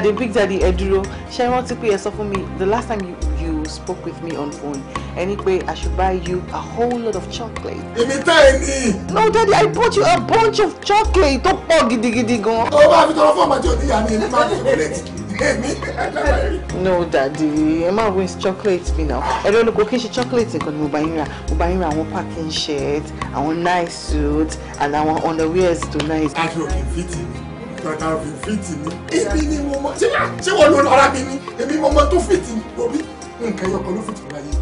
daddy big daddy Eduro, she ṣé to pay pé ẹ sọ fún the last time you, you spoke with me on phone anyway, I should buy you a whole lot of chocolate. èmi tá ẹ no daddy I bought you a bunch of chocolate tó pọ̀ gidi gan. tó o bá fi tọrọ fún ọmọ tí o níyà mi ní no daddy ẹ má waste chocolate mi náà ẹ ló lóko kí n ṣe chocolate nǹkan ni mo bá yín ra mo bá yín ra àwọn packing shirt àwọn nice suit and àwọn underwears tó nice. a kì í òkè fìtì mi bàtà èmi ni mo mọ ṣé ṣé wọn ló lọ́ra mi ni èmi mo mọ tó fìtì lórí nǹkan ẹyọ ló fìtì láyé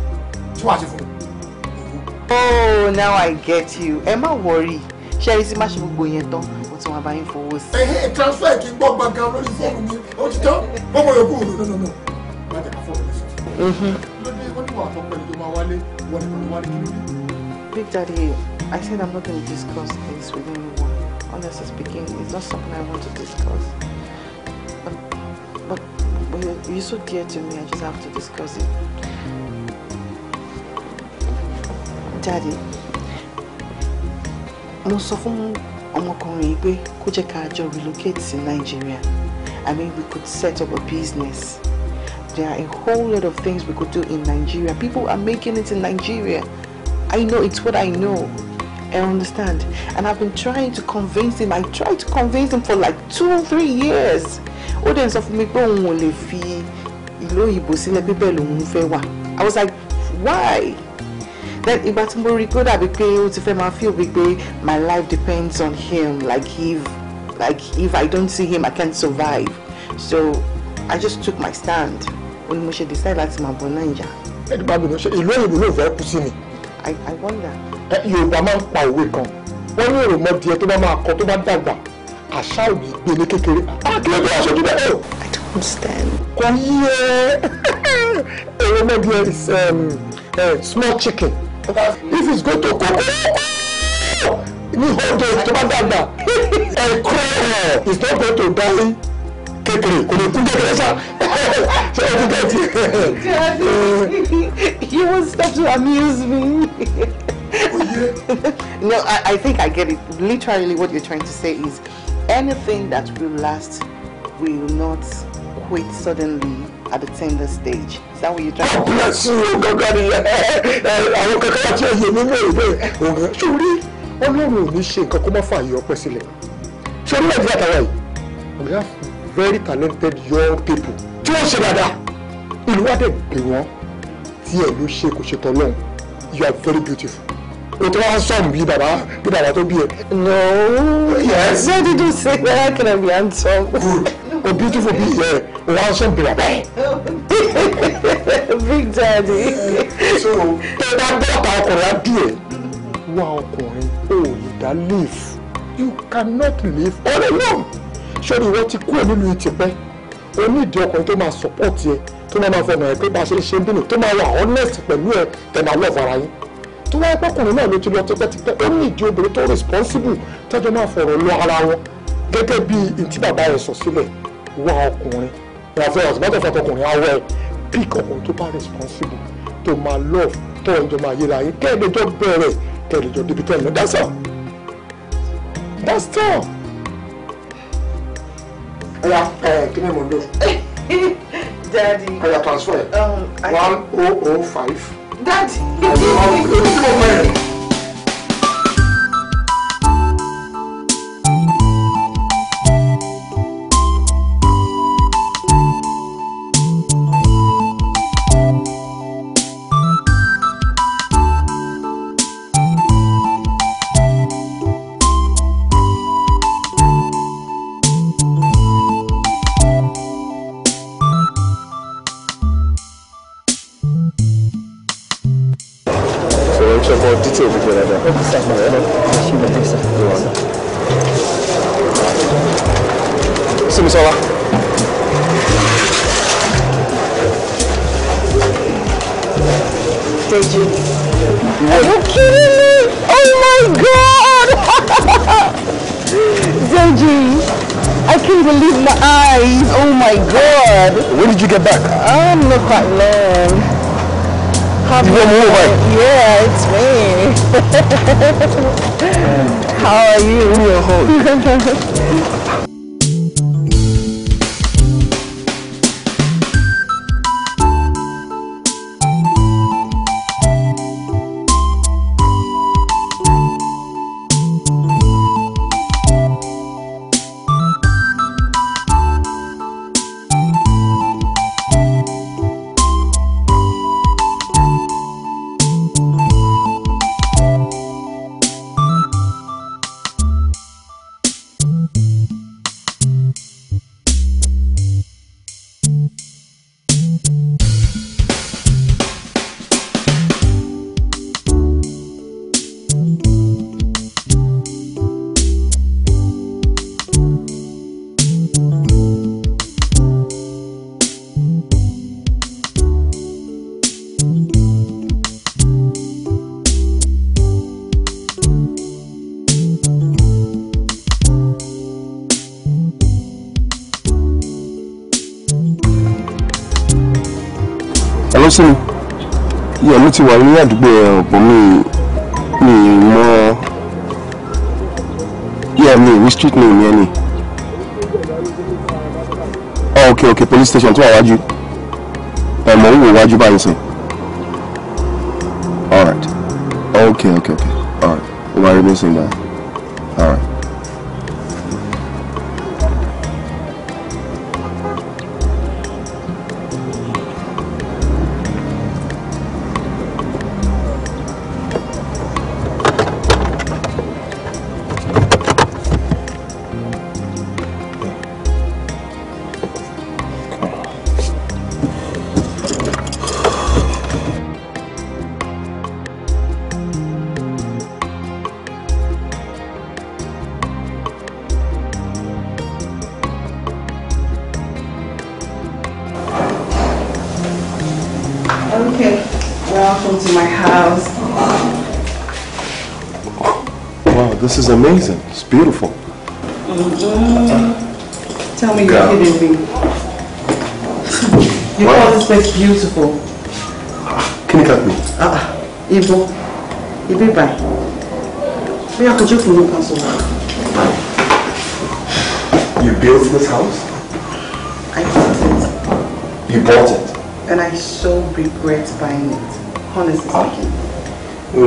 tí wàá ṣe fún mi. oh now i get you ẹ má wọrí ṣẹ́rí sí má ṣe gbogbo yẹn tán mo ti wọn bá yín fowó sí. ẹ ẹ transfer kì í gbọ́ gbọ̀ngàn lórí fóònù mi ó ti tán gbọ́mọ yòókù òun nínú mi láti ká fóònù mi sùn. lóde ó ní wàá tọpẹ ìjọ máa wálé wọn nìkan ló wálé kí ló dé. Big Daddy, I said I'm not going to discuss this with anyone. Honestly speaking, it's not something I want to discuss. Um, you, you're so dear to me, I just have to discuss it. Daddy, I'm sọ fún ọmọkùnrin yìí pé kó jẹ́ relocate to Nigeria. I mean, we could set up a business. There are a whole lot of things we could do in Nigeria. People are making it in Nigeria. I know it's what I know. I understand. And I've been trying to convince him. I tried to convince him for like two, three years. ó dẹ̀ sọ fún mi pé òun ò lè fi ìlú òyìnbó sílẹ̀ pé bẹ́ẹ̀ lòun fẹ́ wà I was like why then ìgbà tí mo rí i pé ó dàbí pé ó ti fẹ́ máa feel wípé my life depends on him like if like if I don't see him I can't survive so I just took my stand ó ní mo ṣe decide láti máa bọ̀ Naija. ẹni bá mi lọ ṣe ìlú òyìnbó ló fẹ́ kú sí mi. I I wonder. Yorùbá máa ń pa òwe kan wọ́n ní èrò mọ́ di ẹ tó bá máa kọ tó bá dàgbà àṣà ò ní gbé ní kékeré àkìlẹ̀ bí aṣọ jù oh! I don't understand. kò yẹ èrò mẹ́bí ẹ̀ is um, small chicken if it's go to kókó oh, oh! ní hold on tó bá dàgbà ẹ̀kọ́ ẹ̀ is not go to die kékeré kò ní kú kékeré sá ṣé o ti gẹ̀ ti. He won't stop to amuse me. no, I, I think I get it. Literally, what you're trying to say is Anything that will last will not quit suddenly at the tender stage. Is that what you're trying to say? Yes, àwọn kankan àti ẹ̀yẹ mi mẹ́rin bẹ́ẹ̀ òun ṣòrí you. ò ní ṣe nǹkan kó má fà yọ ọpẹ́ sílẹ̀ ṣé orílẹ̀ èdè àtàwà yìí we have very talented young people tí wọ́n ṣe dáadáa ìlú wa dẹ̀ gbé wọn tí ẹ̀ ló ṣe kò you are very beautiful o tó wá sọ̀m bí bàbá bí bàbá tó bí ẹ. no yes why did you say that how can I be handsome. good o beautiful bí ẹ o wá sọ̀m bí bàbá ẹ. big daddy. so tó o bá gbọ́ ọ̀tá ọkùnrin á dùn ẹ̀ wá ọkùnrin o ò lè dá you cannot live all alone sori ìwọ ti kú ẹ nílùú ìtìpẹ́ o ní ìdí ọkùnrin tó máa support ẹ tó máa máa fọmọ ẹ pé bá a ṣe ṣe ń bínú tó máa wà honest pẹ̀lú ẹ tẹ̀ máa lọ́ọ̀ fara yín tó wáyé pọkùnrin náà ló ti lọ tipẹ́tipẹ́ ó ní ìdí obìnrin tó responsible tọ́jọ́ máa fọ̀rọ̀ lọ ara wọn gẹ́gẹ́ bí ntí bàbá rẹ̀ sọ sílẹ̀ wá ọkùnrin wà fẹ́ ọ̀sìmọ́tò fẹ́ awẹ́ pick ọkùnrin tó bá responsible tó máa love tó ọjọ́ máa yẹra yín kẹ́ẹ̀dẹ́jọ́ bẹ̀rẹ̀ kẹ́ẹ̀dẹ́jọ́ débi tẹ́lẹ̀ lọ that's all that's all. kí ni mo lò. daddy. ẹ̀yà transfer um, one oh oh five dáàdì ìdí ìdí ìdí ìdí ìdí ti wà ní àdúgbò ẹ̀ mi mi mọ yẹ ìwé street name yẹn ni oh, ok ok police station tó wà wájú ẹ̀ mọ̀ ń wò wájú báyìí sìn alright ok ok ok alright ó máa rí mi sìn dáa. to my house. Wow, this is amazing. It's beautiful. Mm -hmm. Tell me you're kidding me. you what? call this place beautiful. Can you cut me? Ah, uh, Ibo. Ibo, bye. Where could you from the You built this house? I bought it. You bought it? And I so regret buying it honestly speaking.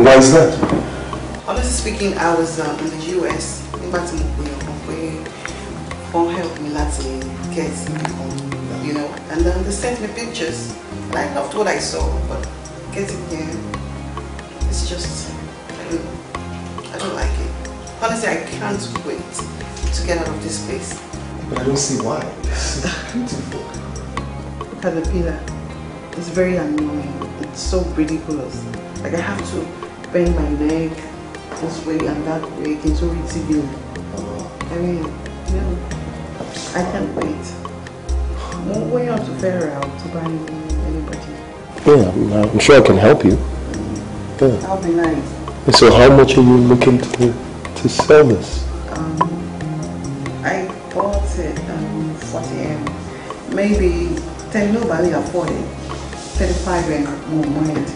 Why is that? Honestly speaking, I was uh, in the US. in Baltimore, mo pè wọ́n pé wọ́n help me láti get home. you know, and then they sent me pictures. And I loved what I saw, but getting here, it's just, I don't, I don't like it. Honestly, I can't wait to get out of this place. But I don't see why. It's beautiful. Caterpillar very annoying so ridiculous. Like I have to bend my neck this way and that way, into TV. I mean, yeah, I can't wait. I'm going are to figure out to buy anybody. Yeah, I'm sure I can help you. Yeah. That'll be nice. so how much are you looking to, to sell this? Um, I bought it um, 40 M. Maybe 10 nobody afford it. 35 and movement.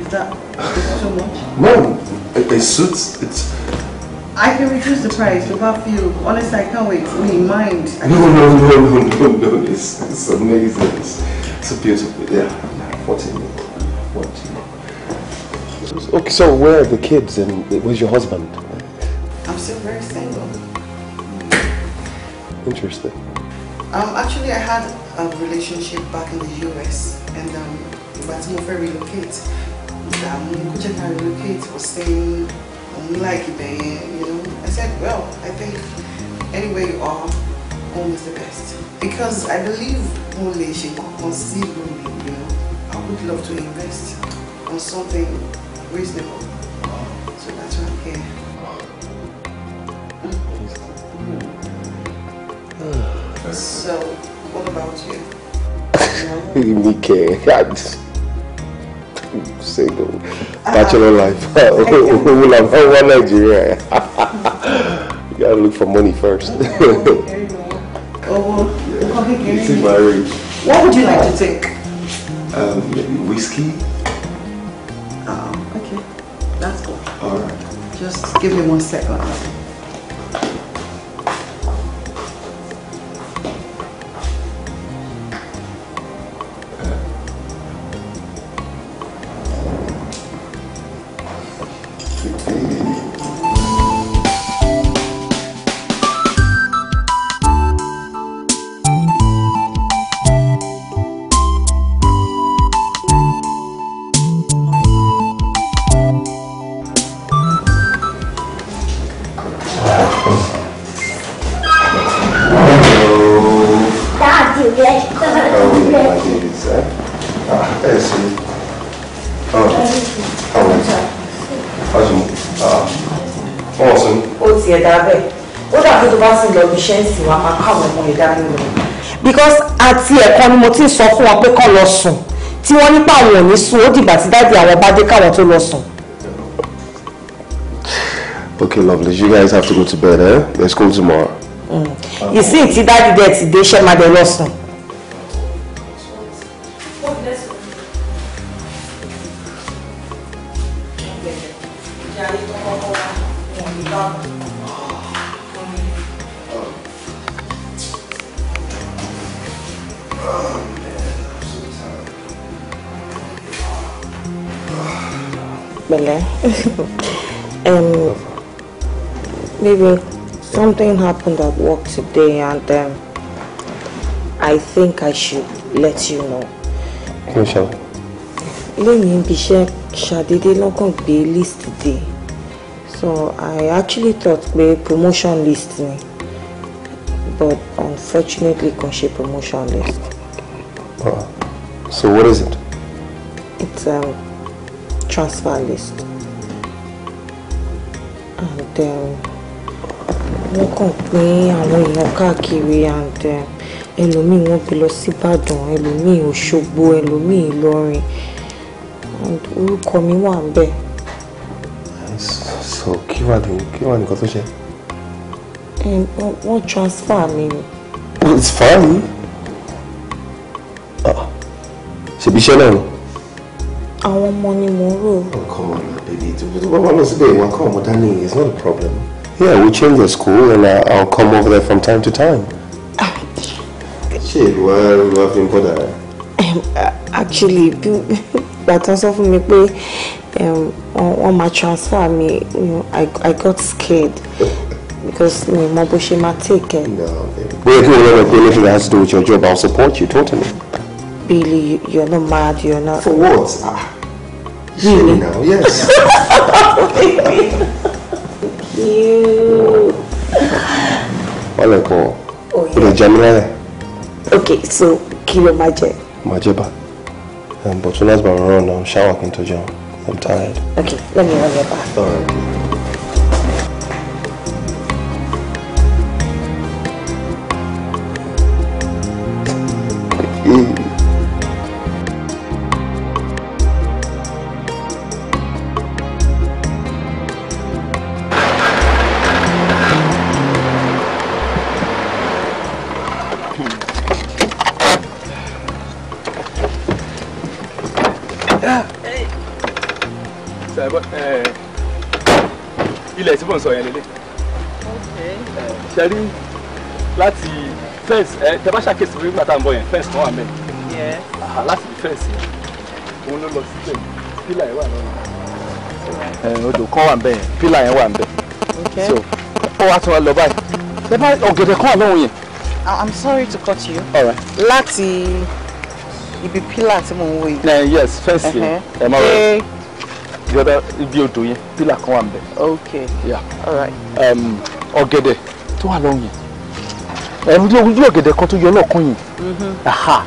Is that too much? No, it, it suits. It's. I can reduce the price to buff you. Honestly, I can't wait. Me, mind. No, no, no, no, no, no. It's, it's amazing. It's, it's beautiful. Yeah, 14 14. Okay, so where are the kids and where's your husband? I'm still very single. Interesting. Um, actually, I had a relationship back in the US, and um, but mo very relocate. Mo kò jẹ́ ká relocate was staying. Òun like it yẹn, you know. I said, well, I think anywhere you are, home is the best. Because I believe only she ṣe kankan sí you know. I would love to invest on something reasonable. So, what about you? you know? I'm single. Uh-huh. Bachelor uh, life. Who Nigeria? You gotta look for money first. Okay, oh, oh yeah. What would you like to take? Um, maybe whiskey. Um, okay, that's cool. All right. Just give me one second. iṣẹ́ ń sìn wá máa kọ́ ọmọ yẹn dání lọ. because àti ẹ̀kọ́ ni mo ti ń sọ fún wọn pé kọ́ lọ sùn tí wọ́n nípa àwọn ò ní sùn ó dìgbà tí dáàdi àwọn bá dé káwọn tó lọ sùn. Okay, lovely. You guys have to go to bed, eh? Let's go tomorrow. Mm. You see, tí dáàdi dẹ̀ ti dé iṣẹ́ máa dẹ̀ lọ sùn. at work today and um, I think I should let you know. Kí ló ṣẹlẹ̀? Lẹ́yìn ibi iṣẹ́ ṣàdédé lọ́kàn list dé. So I actually thought pé promotion list ni but unfortunately kò ṣe promotion list. Oh. So what is it? It's a um, transfer list. And um, wọ́n kàn pín àwọn èèyàn káàkiri and eh, ẹlòmíì wọ́n gbé lọ sí ẹlòmíì Òṣogbo ẹlòmíì Ìlọrin orúkọ mi wà ń bẹ̀. so kí wàá ní kí wàá nìkan tó ṣe. Um, wọ́n transfer mi ni. transfer mi ah, ṣèbí iṣẹ́ náà ni àwọn ọmọ ni mò ń rò. ọkọ ọmọ náà bèbí tó bá wà lọ síbẹ̀ ìwà kọ́ ọmọ dání it's not a problem. Yeah, we change the school and I, uh, I'll come over there from time to time. Shit, why are you laughing for that? um, Actually, Bàtà sọ fún mi pé on my transfer me, you know, I, I got scared because mi mọ bó ṣe might take it. Bóyá kí wọ́n lọ́nà pé anything that has to do with your job, I'll support you totally. Billy, you're not mad, you're not. For what? Ah, really? Now, yes. you. Ọ̀nà kan wọ̀. O lè jẹ mí láyà. Ok, so kí ló máa jẹ? Màá jẹ bá. But soon my run, I'm shower kí n tó jẹun. I'm tired. Okay, let me run your bath. All tí mò ń sọ yẹn lélẹ̀. ṣẹ́rí láti fẹ́ǹsì ẹ tẹ bá ṣàkíyèsí pé nígbà tá à ń bọ̀ yẹn fẹ́ǹsì kan wà mẹ́ẹ̀. láti fi fẹ́ǹsì yẹn òun ló lọ síbẹ̀ pílà yẹn wà lọ́wọ́. odò kan wà bẹ́ẹ̀ pílà yẹn wà bẹ́ẹ̀ so ó wá tún wá lọ báyìí ṣe bá ọ̀gẹ̀dẹ̀ kan wà lọ́wọ́ yẹn. I'm sorry to cut you. All right. láti ibi pílà tí mò ń wò yìí. Eh, yes fẹ́ǹsì yẹn ẹ̀ máa rẹ̀. Eh, the other ibi odò yẹn pílà kan wà ń bẹ. okay yeah all right. Um, to tó wà lọ́hùn yẹn ẹ̀rù um, ojú ọ̀gẹ̀dẹ̀ kan tó yọ lọ́ọ̀kan Mhm. aha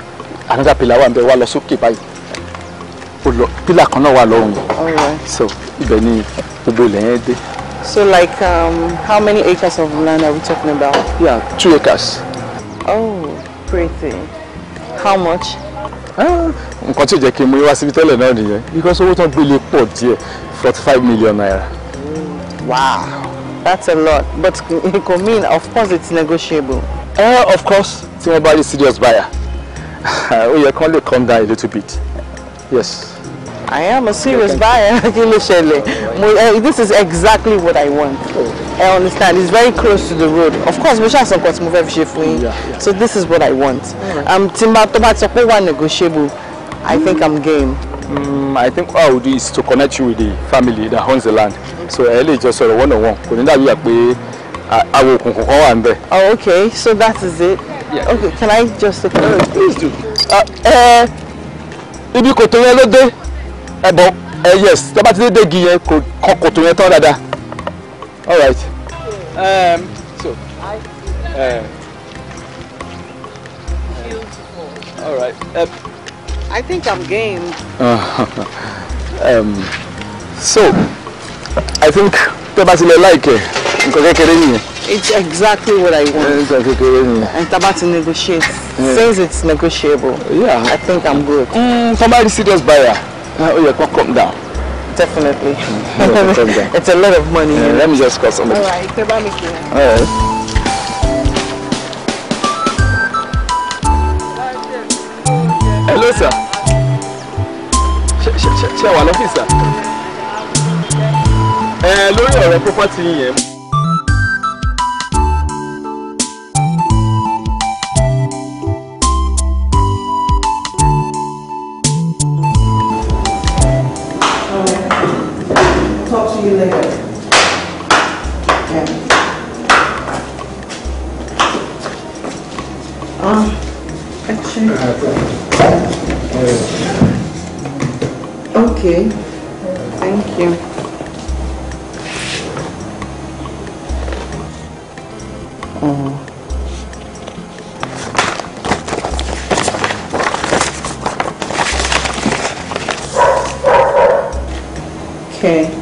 another pílà wà ń bẹ wà lọ sókè báyìí pílà kan náà wà lọ́hùn yẹn so ibẹ̀ ni gbogbo ilẹ̀ yẹn dé. So like um, how many acres of land are we talking about? Yeah, two acres. Oh, pretty. How much? Uh, nǹkan tí ò jẹ́ kí n mú yín wá síbi tẹ́lẹ̀ náà nìyẹn because owó tán gbélé pọ̀ díẹ̀ forty five million naira. wow that's a lot but nko mean of course it's negotiable. Uh, of course tí wọ́n bá rí serious buyer ó yẹ kán lè calm down a little bit yes. I am a serious buyer. uh, this is exactly what I want. I oh. eh, understand. It's very close to the road. Of course, we shall support move every So this is what I want. Mm. Um, Timba Toba one negotiable. I think I'm game. Mm, I think what I would do is to connect you with the family that owns the land. So early, just sort of one on one. Kò ní dàbí pé àwọn òkùnkùn kan wà ń Oh, okay. So that is it. Yeah. Okay, can I just... Uh, please do. Uh, uh, ibi kòtò yẹn ló eh, ẹ̀bọ̀ Eh, yes The matter today, dé dégi yẹn kò kọ́ kòtò yẹn All right. Um, so, uh, all right. Uh, I think I'm game. um, so, I think tẹ́ like ẹ̀ It's exactly what I want. Nǹkan And tá bá ti Since it's negotiable. Yeah. I think I'm good. Mm, Tọ́ bá serious buyer, Oh eh, yeah, kó calm down. Definitely. It's a lot of money. Yeah, let me just call somebody. All right, All right. ṣe wà lọ́fíìsì ẹ lórí ọ̀rọ̀ property yẹn. Talk to you later. Yeah. Um, actually. Uh, Okay. Thank you. Oh. Okay.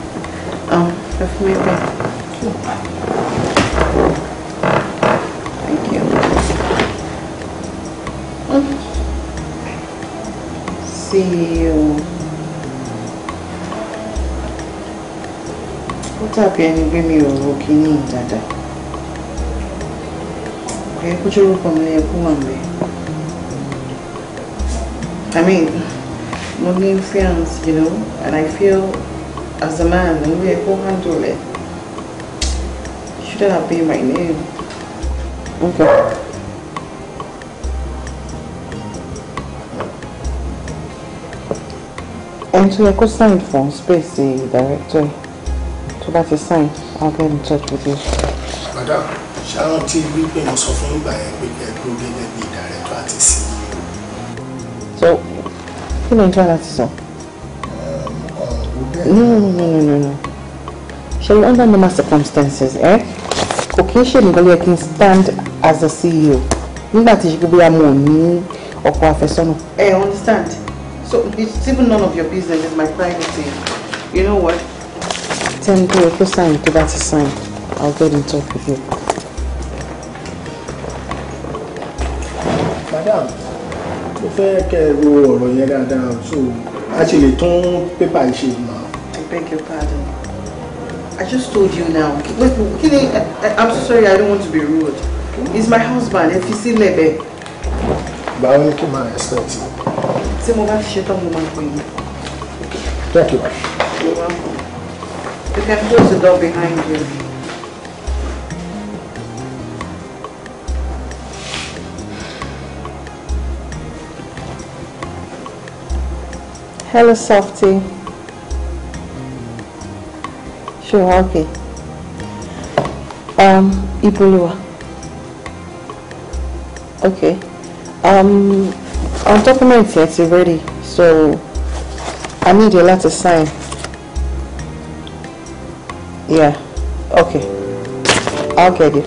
dàbí ẹni pé mi ò ro kíní ìdàdà ẹ kó jórúkọ mi yẹ kó mẹ I mean mo influence, you know and I feel as a man mo yẹ kó handle it shouldn't have been my name. Okay. ẹni tó your kó sign for space director bá ti sign I'll get in touch with you. madam ṣárántí wípé mo sọ fún by a big kẹ́ ẹ dúró gẹ́gẹ́ bí director àti CEO. so kí ló ń tọ́ láti um, uh, no no no no no no ṣe under normal circumstances eh? kò kí ń ṣe nìkan yẹ kí n stand as a CEO nígbà tí ṣe bóyá a ní ọkọ àfẹ́sọ́nà. ẹ eh, understand so it's even none of your business it's my privacy you know what tẹ́ni tó yẹ kó sign to that ti sign I'll get in touch with you. madam mo fẹ́ kẹ́ ẹ wo yẹn dáadáa so a ṣe lè tún pépà yìí ṣe mọ́. I beg your pardon I just told you now wait kí I'm so sorry I don't want to be rude he's my husband ẹ fi sílẹ̀ bẹ́ẹ̀. báwo ni kí n máa expect. tí mo bá ṣe tán mo máa pè é. thank you. you're welcome. You can close the door behind you. Hello, Softy. Sure, okay. Um, Ibuluwa. Okay. Um, our document is ready, so I need a lot of yeah. Okay. I'll get you.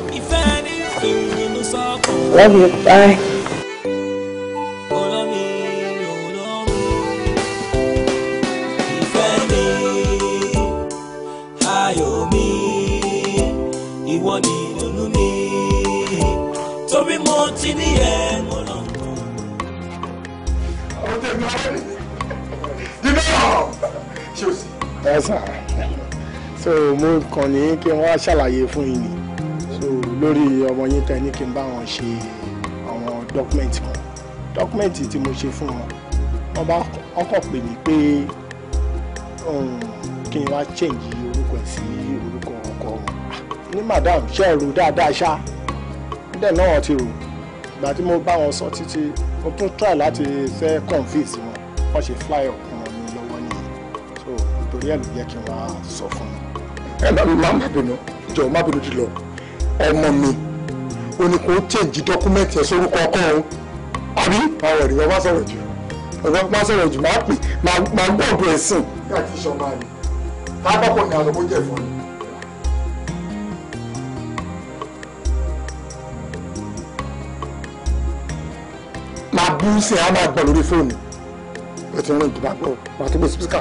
Love you. Bye. kàn ní kí wọ́n á ṣàlàyé fún yín ni lórí ọmọ yín tẹ ní kí n bá wọn ṣe àwọn dọ́kúmẹ́ǹtì wọn dọ́kúmẹ́ǹtì tí mo ṣe fún wọn wọ́n bá ọkọ̀ pè mí pé kí n wá change orúkọ ẹ̀ sí orúkọ ọkọ wọn ah, ní madam ṣe rò dáadáa ṣá dẹ̀ náà ti rò ìgbà tí mo bá wọn sọ títí mo tún try láti fẹ́ confuse wọn wọ́n ṣe fly up wọn ní lọ́wọ́ nìyẹn so nítorí ẹ̀ ló yẹ kí n wá sọ fún wọn ẹ lọ má má bínú jọ̀ọ́ má bínú jùlọ ọmọ mi o ní kó change dọ́kúmẹ́ǹtì ẹ sórúkọ ọkọ òun àbí àwọn ẹ̀rí wọn má sọ̀rọ̀ jù ọ̀rọ̀ má sọ̀rọ̀ jù má pè má gbọ́dọ̀ ẹ̀sìn. láti ìṣọba mi tábàpọ̀ ni àlọ́ bó jẹ́ fún mi. máa bú sí i á máa gbọ́ lórí fóònù ẹ ti rìn ìdìbò àgbọ̀ máa tó gbé sípíkà.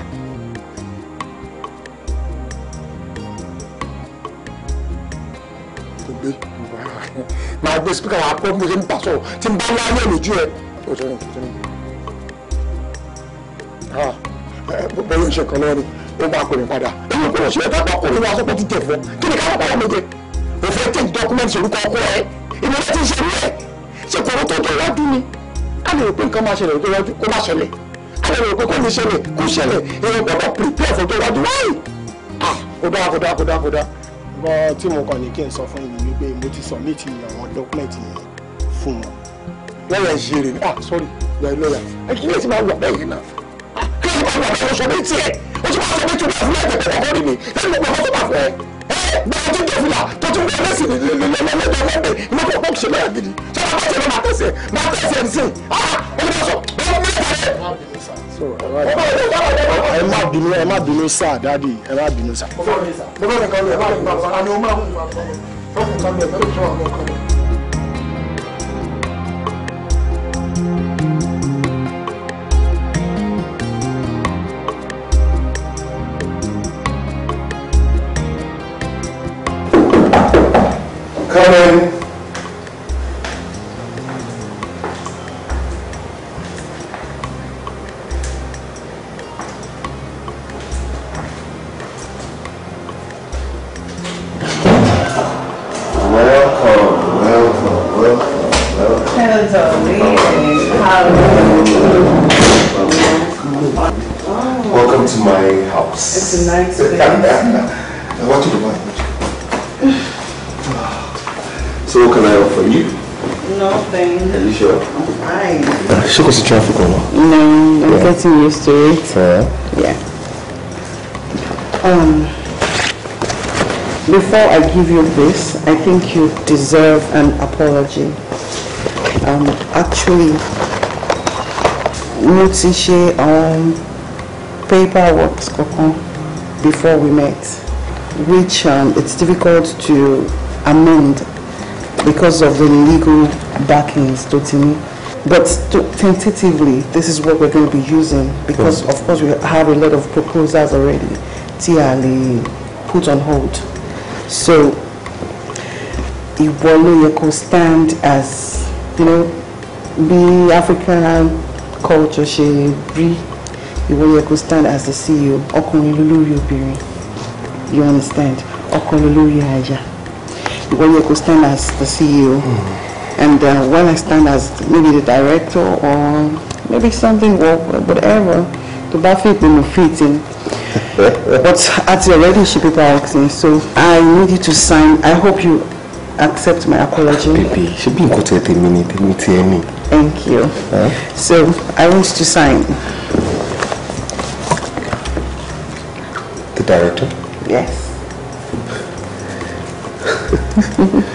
máa gbé spíkà wà á kọ́ bí mo ṣe ń bà sọ̀rọ̀ tí n bá ah, ń láyé lójú ẹ̀ òtún òtún bẹ́ẹ̀ ṣe kan lọ́wọ́ ni ó máa pè mí padà èmi kò ṣe ẹ̀ka kọ́kọ́ nínú aṣọ tó ti tẹ̀ fún kí ni káwọn báyọ̀ mi jẹ mo fẹ́ tẹ̀ dọ́kúmẹ́ntì orúkọ ọkọ ẹ ìmọ̀ láti ṣe rí ẹ̀ ṣe kọ̀ ọ́n tó tó wájú ni a lè rò pé prepare fún tó wájú wáyé ah kò dáa kò dáa kò dáa kò dáa nǹkan tí mo kàn ní kí n sọ fún yín wípé mo ti submit àwọn dọ́kúmẹ̀ntì yẹn fún wọn. lọ́yà ìṣeré ni ah sorry lọ́yà lọ́yà ẹ kí lè ti máa wà bẹ́ẹ̀ yìí náà kí ló máa wà fún ṣọlẹ́ tiẹ̀ o ti máa sọ pé tí o bá fún ẹ̀jẹ̀ kọ̀ọ̀kan mi lẹ́nu ọ̀pọ̀ tó bá fún ẹ gbọ́dọ̀ tó jẹ́ tó tún bẹ́ẹ̀ lẹ́sìn lọ́lọ́lọ́dọ̀ lọ́dẹ ẹ má bínú ẹ má bínú sá dáàdì ẹ má bínú sá. Come in. used to it. Yeah. yeah. Um, before I give you this, I think you deserve an apology. Um, actually, mo ti um, paperwork before we met, which um, it's difficult to amend because of the legal backings tó ti but tentatively, this is what we're going to be using because, of course, we have a lot of proposals already. Tiali put on hold. So, Iwolo could stand as, you know, be African culture, she be Iwolo could stand as the CEO. Okunlulu, lolórí obìnrin. You understand? Okunlulu, lolórí aya. Iwolo could stand as the CEO. Mm. And uh, when I stand as maybe the director or maybe something or whatever, the buffet fit in fit in. But at your relationship people are asking, so I need you to sign. I hope you accept my apology. Baby, she been got at a minute, a minute. Thank you. Huh? So I want you to sign. The director? Yes.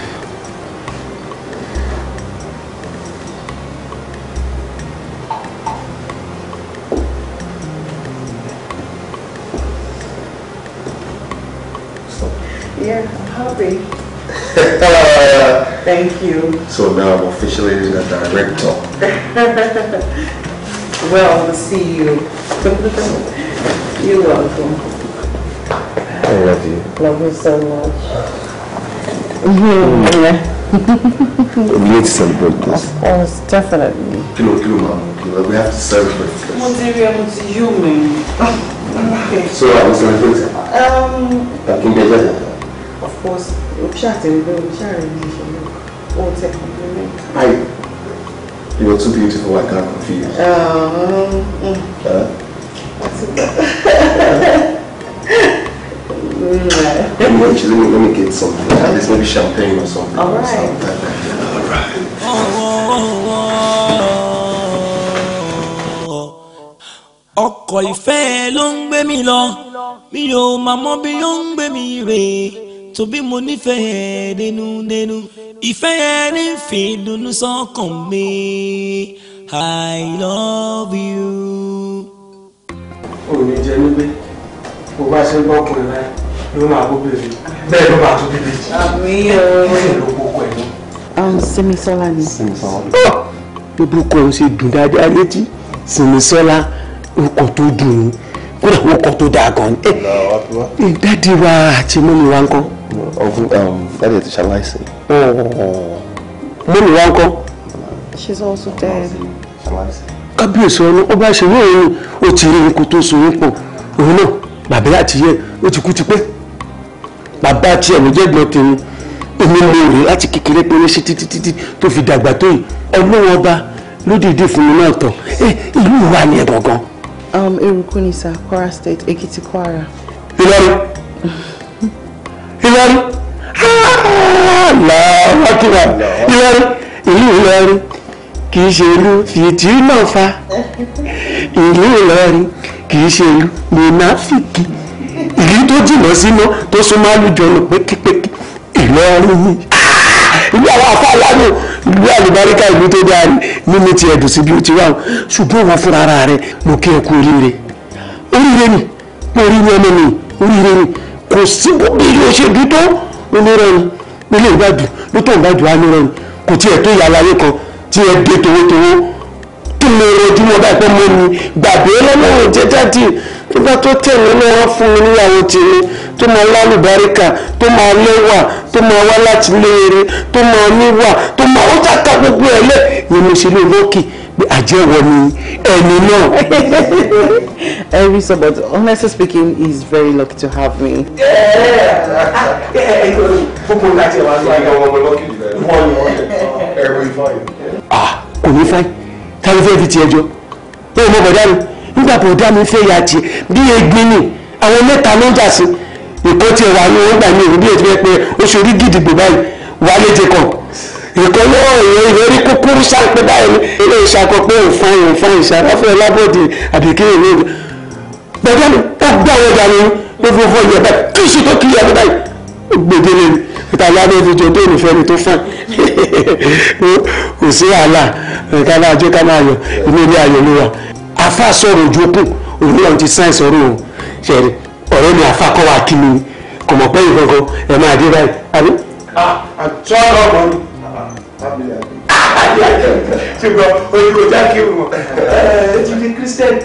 healthy. Thank you. So now I'm officially the director. well, to see you. You're welcome. I love you. Love you so much. Mm. Yeah. we need to celebrate this. Of course, definitely. Kilo, kilo, ma'am. We have to celebrate this. What do you mean? Okay. So I was celebrating. Um. Back in better. Hi. you are too beautiful I can't confuse. Actually, ah, mm, mm. let me, let me get something. At least maybe champagne or something. All right. All right. ọkọ̀ ìfẹ́ ló ń gbé mi lọ mi ò máa mọ bí ó ń gbé mi rè é tóbi mo nífẹ̀ẹ́ dénúdénú ìfẹ́ ẹni fi dùnnú sọ́kàn mi I love you. òní jẹ níbí bó bá ṣe ń bọ́ ọkùnrin rẹ ló máa bó bèrè bẹ́ẹ̀ ló máa tún bíbí jì. àmì yóò. ìfẹ́ ló kó pẹ̀lú. Simisola ni. Simisola. Ah! bí burúkú ọ̀hún ṣe dùn dáadáa létí Simisola ọkọ̀ tó dùn ún kódà ọkọ̀ tó dáa gan-an. ẹ eh, dáàdi wa àti mọ́mi wa ń kọ́ ọgún um, dáàdì ti ṣaláìsí. mọ́mí wa ń kọ́. she's also dead. kábíyèsí ọ̀nà ọba ìṣòro òun ó ti rí ikú tó so wọ́pọ̀ òun náà bàbá àti yẹ ó ti kú tipẹ́ bàbá àti ẹ̀ ló jẹ́ gbọ́n tèmi èmi lè láti kékeré péré ṣe títí títí tó fi dàgbà tó yìí ọlọ́wọ́ ọba ló dìde fún mi náà tán ìlú wa ni ẹ̀gbọ̀n gan. Um, eruku ni sir Kwara State Ekiti Kwara. ìlọrin. Ìlọrin aláwákìlá Ìlọrin ìlú Ìlọrin kì í ṣe ìlú fìtì náà fa ìlú Ìlọrin kì í ṣe ìlú mùnáfìkì ìlú tó jìnnà síná tó súnmọ́ àlùjọ lò péképéké Ìlọrin ni ah! ìlú àwọn afáàlánù ìlú àlùbáríkà ìlú tó dáa ni mímú ti ẹ̀dùn sí bí ó ti wà ó ṣùgbọ́n wọn fúnra ara rẹ̀ mo kí ẹ kú oríire oríire ni oríire ọmọ mi oríire ni kò sí bóbi yóò ṣe dúdú onírọ́ ni nílé ìgbàdùn lótò ìgbàdùn anírọ́ ni kò tiẹ̀ tó yà láyé kan tí ẹ dé towótowó tó lè rojúmọ́ báyìí pé mo ní gbàgbé lọ́lọ́run jẹ́jẹ́ dì nígbà tó tẹ̀lé náà wọ́n fún mi níyàwó tèmi tó máa lálùbáríkà tó máa lẹ́wà tó máa wá láti léèrè tó máa níwà tó máa ó ṣàkà gbogbo ẹ̀ lẹ́ ìyẹn mo ṣe pé àjẹwọ ni ẹni náà. every so but honestly speaking he is very lucky to have me. fúnpọ̀ láti ẹ̀ wá sí ayé ọmọ lọ́kì wọ́n ni wọ́n ẹ̀rọ ìfọ̀yín. kò ní fáyín táwọn fẹ́ẹ́ fi tiẹ̀ jọ ó mọ bọ̀dá mi nígbà bọ̀dá mi fẹ́ ya tiẹ̀ bí egbin ni àwọn mẹ́ta ló ń jà sí ìkọ́ tiẹ̀ wà ní ọgbà mi ìrúbí ètò ẹ̀ pé oṣù orí gidi gbò báyìí wà á lè jẹ kàn nǹkan lọ́wọ́ ìwé ìwé rí kúkúrú sáńpẹ́ báyìí ilé ìṣàkọ pé òǹfààní òǹfààní ìṣàráfẹ́ lábọ́dì àbíké ìwé ìwé pẹ̀lú ó gbà wọ́n dànù ló fi fọ́ ìyẹn báyìí kí ìṣù tó kí ìyẹn báyìí gbèdé lè níta lábẹ́ ìfijọ́ tó nífẹ̀ẹ́ ni tó fàn kò sí wàhálà nǹkan náà jẹ́ ká máa yọ inú ilé ayọ̀ ló wà àfa sọ̀rọ̀ ojú okùn òun náà ti sáyẹn sọ̀rọ̀ òun ṣẹ̀rí ọ̀rẹ́ mi àfa kọ́ wa kí mi kò mọ̀ pẹ́yìn kankan ẹ̀ máa dé báyìí. àtúntò ọ̀rọ̀ ọ̀gbọ̀n ṣùgbọ́n olùkọjá kírun mọ̀ ẹ ti di christian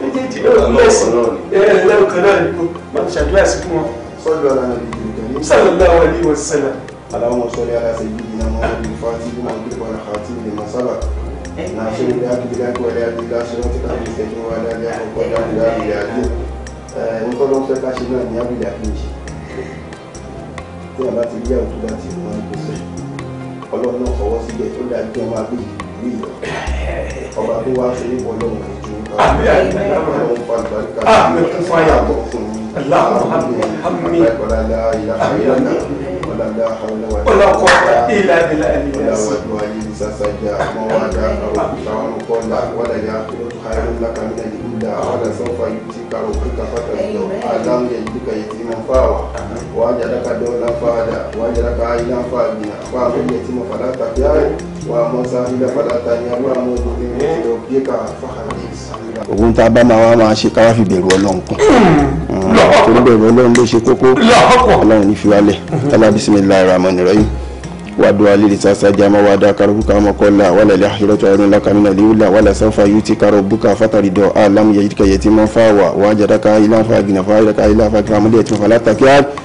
méjèèjì náà lẹ́sìn lẹ́ẹ̀kan náà ni mo ṣàdúrà sí fún wọn. sọ́dọ̀ ara rẹ̀ ìgbìyànjú. sọ́dọ̀ náà wà ní ìwọ̀n sẹ́lẹ̀. اللهم صل على سيدنا محمد الفاتح لما أغلق وعلى خاتم لما سبق ناصر الحق بالحق ولا يهدي إلا صراطك المستقيم ولا إله إلا أنت لا إله إلا أنت ń kọ́ lọ́wọ́ fẹ́ ká ṣe náà ní abúlé àkíyèsí tí a ọlọ́run náà fọwọ́ síbẹ̀ ó dájú ọmọ abéyìí ìlú ìlọ ọba tó wá sí ìwọ lọ́wọ́ ètò Ọlọ́kọ̀ ilẹ̀ abilẹ̀ ẹni yẹn. وعلى سوف يؤتيك ربك فترضى ألم يجدك يتيما فاوى وأجلك دولا فادا وأجلك عينا فادا فأخذ اليتيم فلا تقياه ògùn tá a bá máa wá máa ṣe káwá fi bẹ̀rù ọlọ́run kan hmm, torí bẹ̀rù ọlọ́run ló ṣe kókó ọlọ́run ní fiwálẹ̀ tálá bismillahir rahmanir rahim wàdùn alẹ́ ìta sájà máa wà dá kárọ̀kù La mọ́ kọ́lá wàlẹ̀ ilé àṣírọ́tò ọ̀run lákàmì náà léwúlà wàlẹ̀ sáfà yóò ti kárọ̀ bùkà fátàrí dọ̀ alámù yẹtìkẹyẹtì máa fà wà wàá jàdáka ilé àfà gìnàfà ayélujára ilé àfà gìnàfà mọ́lẹ̀ ẹ̀tì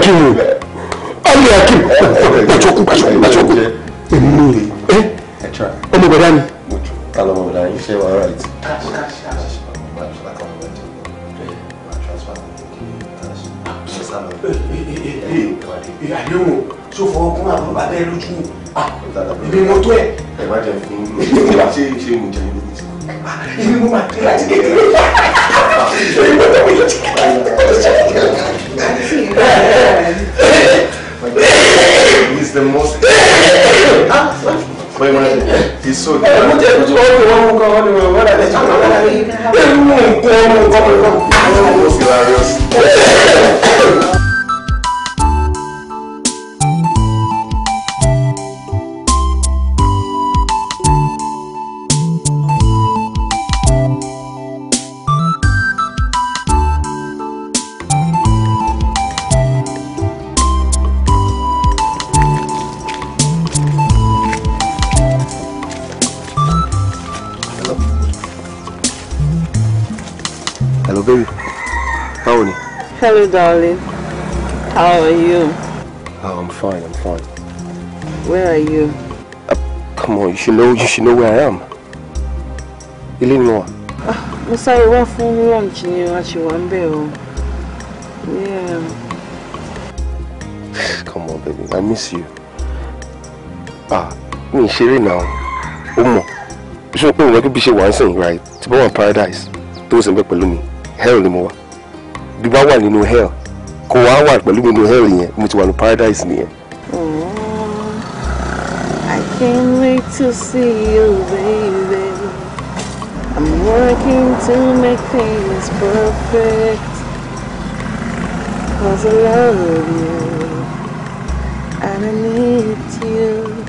Hakeem o Ali Hakeem pàṣọkù pàṣọkù pàṣọkù èmi rè é ọmọ gbọdá ni. ta ló mọ gbọdá yín ṣé wàá right. àdéhùn tó fọwọ́ kún àbúrò bàbá ẹ lójú ìbí mo tó ẹ. ẹ má jẹ fún mi ṣé ṣé mo jẹ nínú ti. ìbí mo máa tẹ́lẹ̀ àti kékeré. ìbí mo tẹ́lẹ̀ àti kékeré. He's the most. Wait, man, he's so good. Eh, mo jẹ́ kutu ọ̀rọ̀ wọn mú kan ọ̀rọ̀ wọn rẹ̀ lẹ́yìn ọ̀rọ̀ rẹ̀. Ẹ mú nǹkan mú nǹkan mú nǹkan. Ó sì rà Hello, darling. How are you? Oh, I'm fine, I'm fine. Where are you? Uh, come on, you should know you should know where I am. Ilé ni mo what? Ah, mo sáré wá fún lunch ni a ṣì wà ńbẹ̀ Yeah. Come on, baby. I miss you. Ah, me ṣeré now. Ó mọ̀. Ṣé o pé òun lọ bí ṣe right? To bọ́ wà paradise Those in ń bẹ pẹ̀lú Hell ni mo bí wà nínú hell kó wá wà pẹ̀lú nínú hell yẹn mo ti wà ní mm, I can't wait to see you baby I'm working to make things perfect cause I love you and I need you.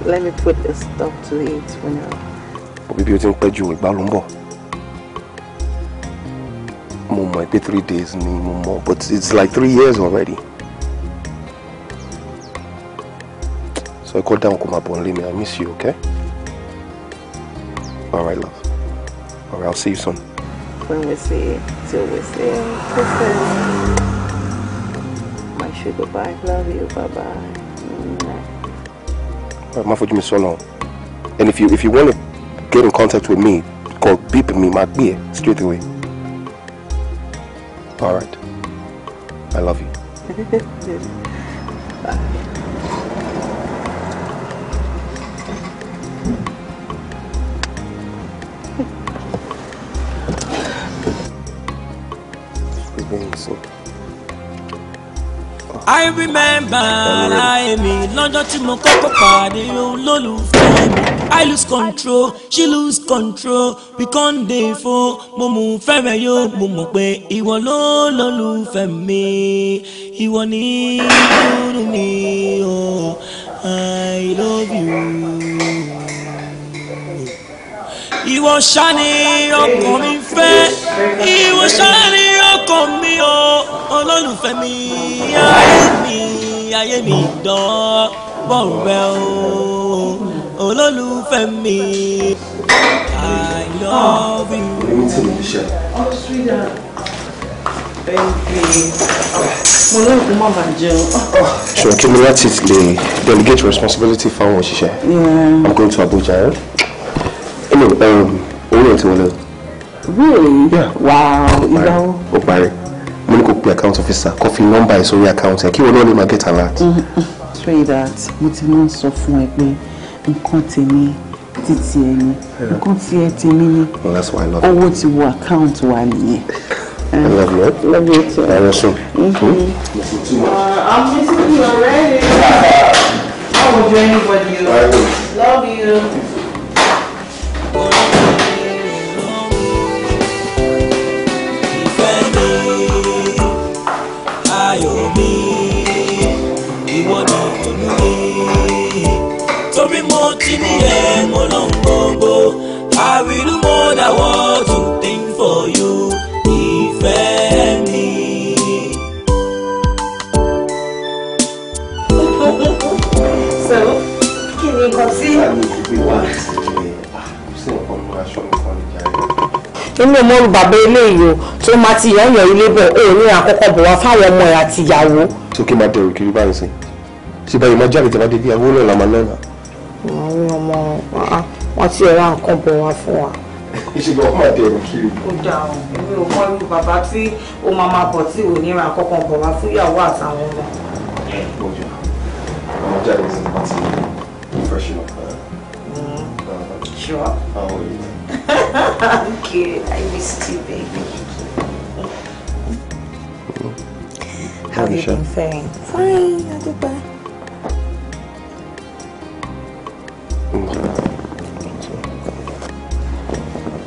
Let me put a stop to it for now. òbí bí o ti ń ìgbà ló mo mọ̀ pé three days ni mo but it's like three years already. so I call down Kumabon Limi. I miss you, okay? All right, love. All right, I'll see you soon. When we see you, till we see My sugar bye. Love you. Bye bye. Alright, má fojú so long? And if you if you want to get in contact with me, call beep me, my beer, straight away. All right. I love you. Bye. I remember ara èmi lọ́jọ́ tí mo kọ́kọ́ pàdé olólùfẹ́ mi. I lose control, she lose control, we can't dey fo. Mo mú fẹ́rẹ̀ yó, mo mọ̀ pé ìwọ ló lọ́lùfẹ́ mi. Ìwọ ni dúró mi o, I love you. Ìwọ ṣá ni ọkàn mi fẹ́, ìwọ ṣá ni ọkàn mi o, olólùfẹ́ mi, ayé mi, ayé mi dán bọ̀rẹ̀ o olólùfẹ́ mi I love you. Oh, sweetheart. mo lóyún kó má bà jẹun. ṣùgbọ́n kí ni láti lè delegate responsibility fáwọn òṣìṣẹ́ I'm going to Abuja ẹ eh? ẹnu um, owó náà ti wọlé. really yeah. wow ìgbà ó parí mo ní kó pe account officer kó fi number ẹ̀ sórí account ẹ̀ kí wọn náà lè máa get alert. sweetheart mo ti máa ń sọ fún ẹ pé nǹkan tèmi ti ti ẹ ni nǹkan ti ẹ tèmi ni owó ti wọ àkáǹtì wa nìyẹn. I love you. love you too. love you. Mm-hmm. Uh, I'm missing you already. I will join you, but you. Love you. èmi ò mọ̀rù bàbá eléyìí o tó máa ti yàn yàn ilé bọ̀ ó ní àkọ́kọ́ bọ̀ wá fáwọn ọmọ ẹ̀ àti ìyàwó. sókè máa dẹrù kiri báyìí sí ṣé báyìí máa jáde tàbá dé bí àwọn olóòlà máa lọ́nà. àwọn ọmọ wọn ti ra nǹkan bọ̀ wá fún wa. ìṣègùn ọkọ máa dẹrù kiri. ó dáa o èmi ò mọ̀rù bàbá tí o máa máa bọ̀ tí ò ní ra àkọ́kọ́ bọ̀ wá fún ìyàwó àtàwọn ọmọ. ọmọ okay, I missed you, baby. How have you been faring? Fine, Aduba.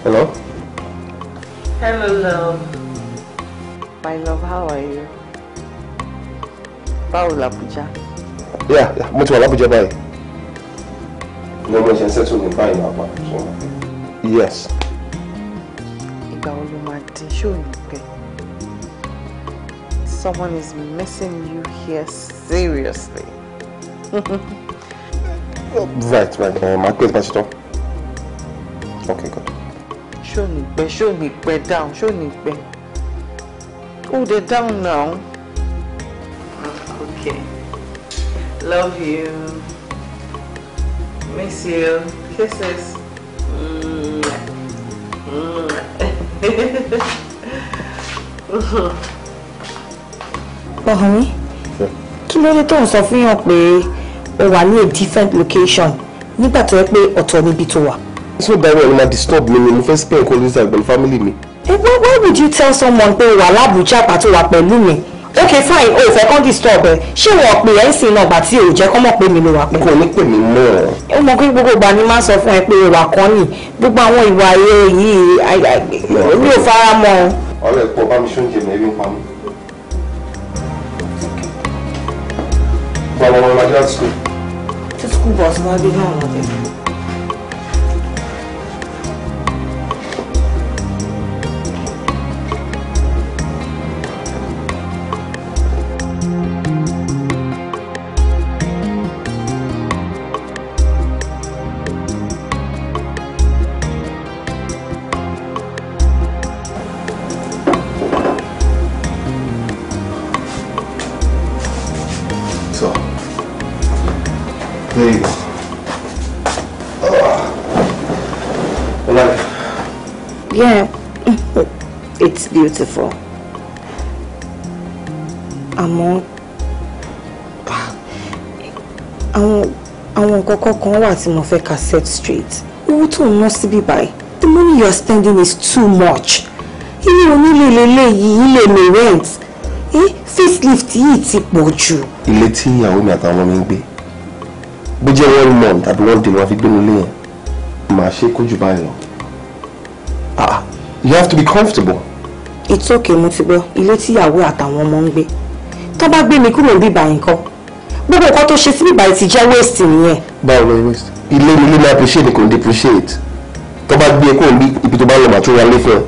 Hello? Hello, love. My love, how are you? Báwo l'Abuja? Yeah, mo ti wà l'Abuja báyìí. Lọ́gbọ́n ṣe ń sẹ́tù ní my lápá. yes. ìgbà wo ló máa di someone is missing you here seriously. right right máa pè é máa ṣe tán okay good. ṣóò nípẹ́ ṣóò nípẹ́ down ṣóò nípẹ́ oh they are down now. okay love you miss you kisses. ọ̀hún mi kí ló dé tó ń sọ fún yàn pé o wà ní a different location nígbà tó yẹ pé ọ̀tọ̀ níbi tó wà. so that way na disturb mi ni mo fẹ́ spend quality time pẹ̀lú family mi. Eh, why would you tell someone pé o wà lábùjá pàtó wà pẹ̀lú mi ok fine o fẹ́ kán disturb ẹ ṣé wọn pè ẹ́ ń sin ọgbà tí ò jẹ́ kọ́ mọ̀ pé mi ló wà pé. kò ní pè mí mọ́ ẹ. ó mọ pé gbogbo ìgbà ni máa sọ fún ẹ pé ìwà kan nì gbogbo àwọn ìwà ayé yìí mi ò fara mọ́. ọ̀rẹ́ ẹ̀kọ́ bá mi ṣóúnjẹ mi ẹbí ń pa mí. gbọ́dọ̀ wọn máa dé láti school. tí school bus máa gbé náà lọ́dẹ̀. beautiful àmọ́ àwọn àwọn nǹkan kọ̀ọ̀kan wà tí mo fẹ́ ká set straight owó tó ń ná síbí báyìí the money you are spending is too much ilé onílé lélẹ́yìí ilé mi rent eh, facelift yìí ti pọ̀ jù. ilé tí ìyàwó mi àtàwọn ọmọ mi ń gbé bó jẹ́ one month tàbí one day wọ́n fi gbénu ilé yẹn màá ṣe kójú báyìí lọ. Ah, you have to be comfortable it's okay mo ti gbọ́ ilé tíyàwó àtàwọn ọmọ ń gbé tó bá gbé mi kúrò níbi ìbàyìn kan gbogbo nǹkan tó ṣe sí bíbá ti jẹ́ waste nìyẹn. báwo ló waste ilé ni lílo appreciate kò depreciate tó bá gbé e kó ní ibi tó bá lọ màtún wọlé fún ẹ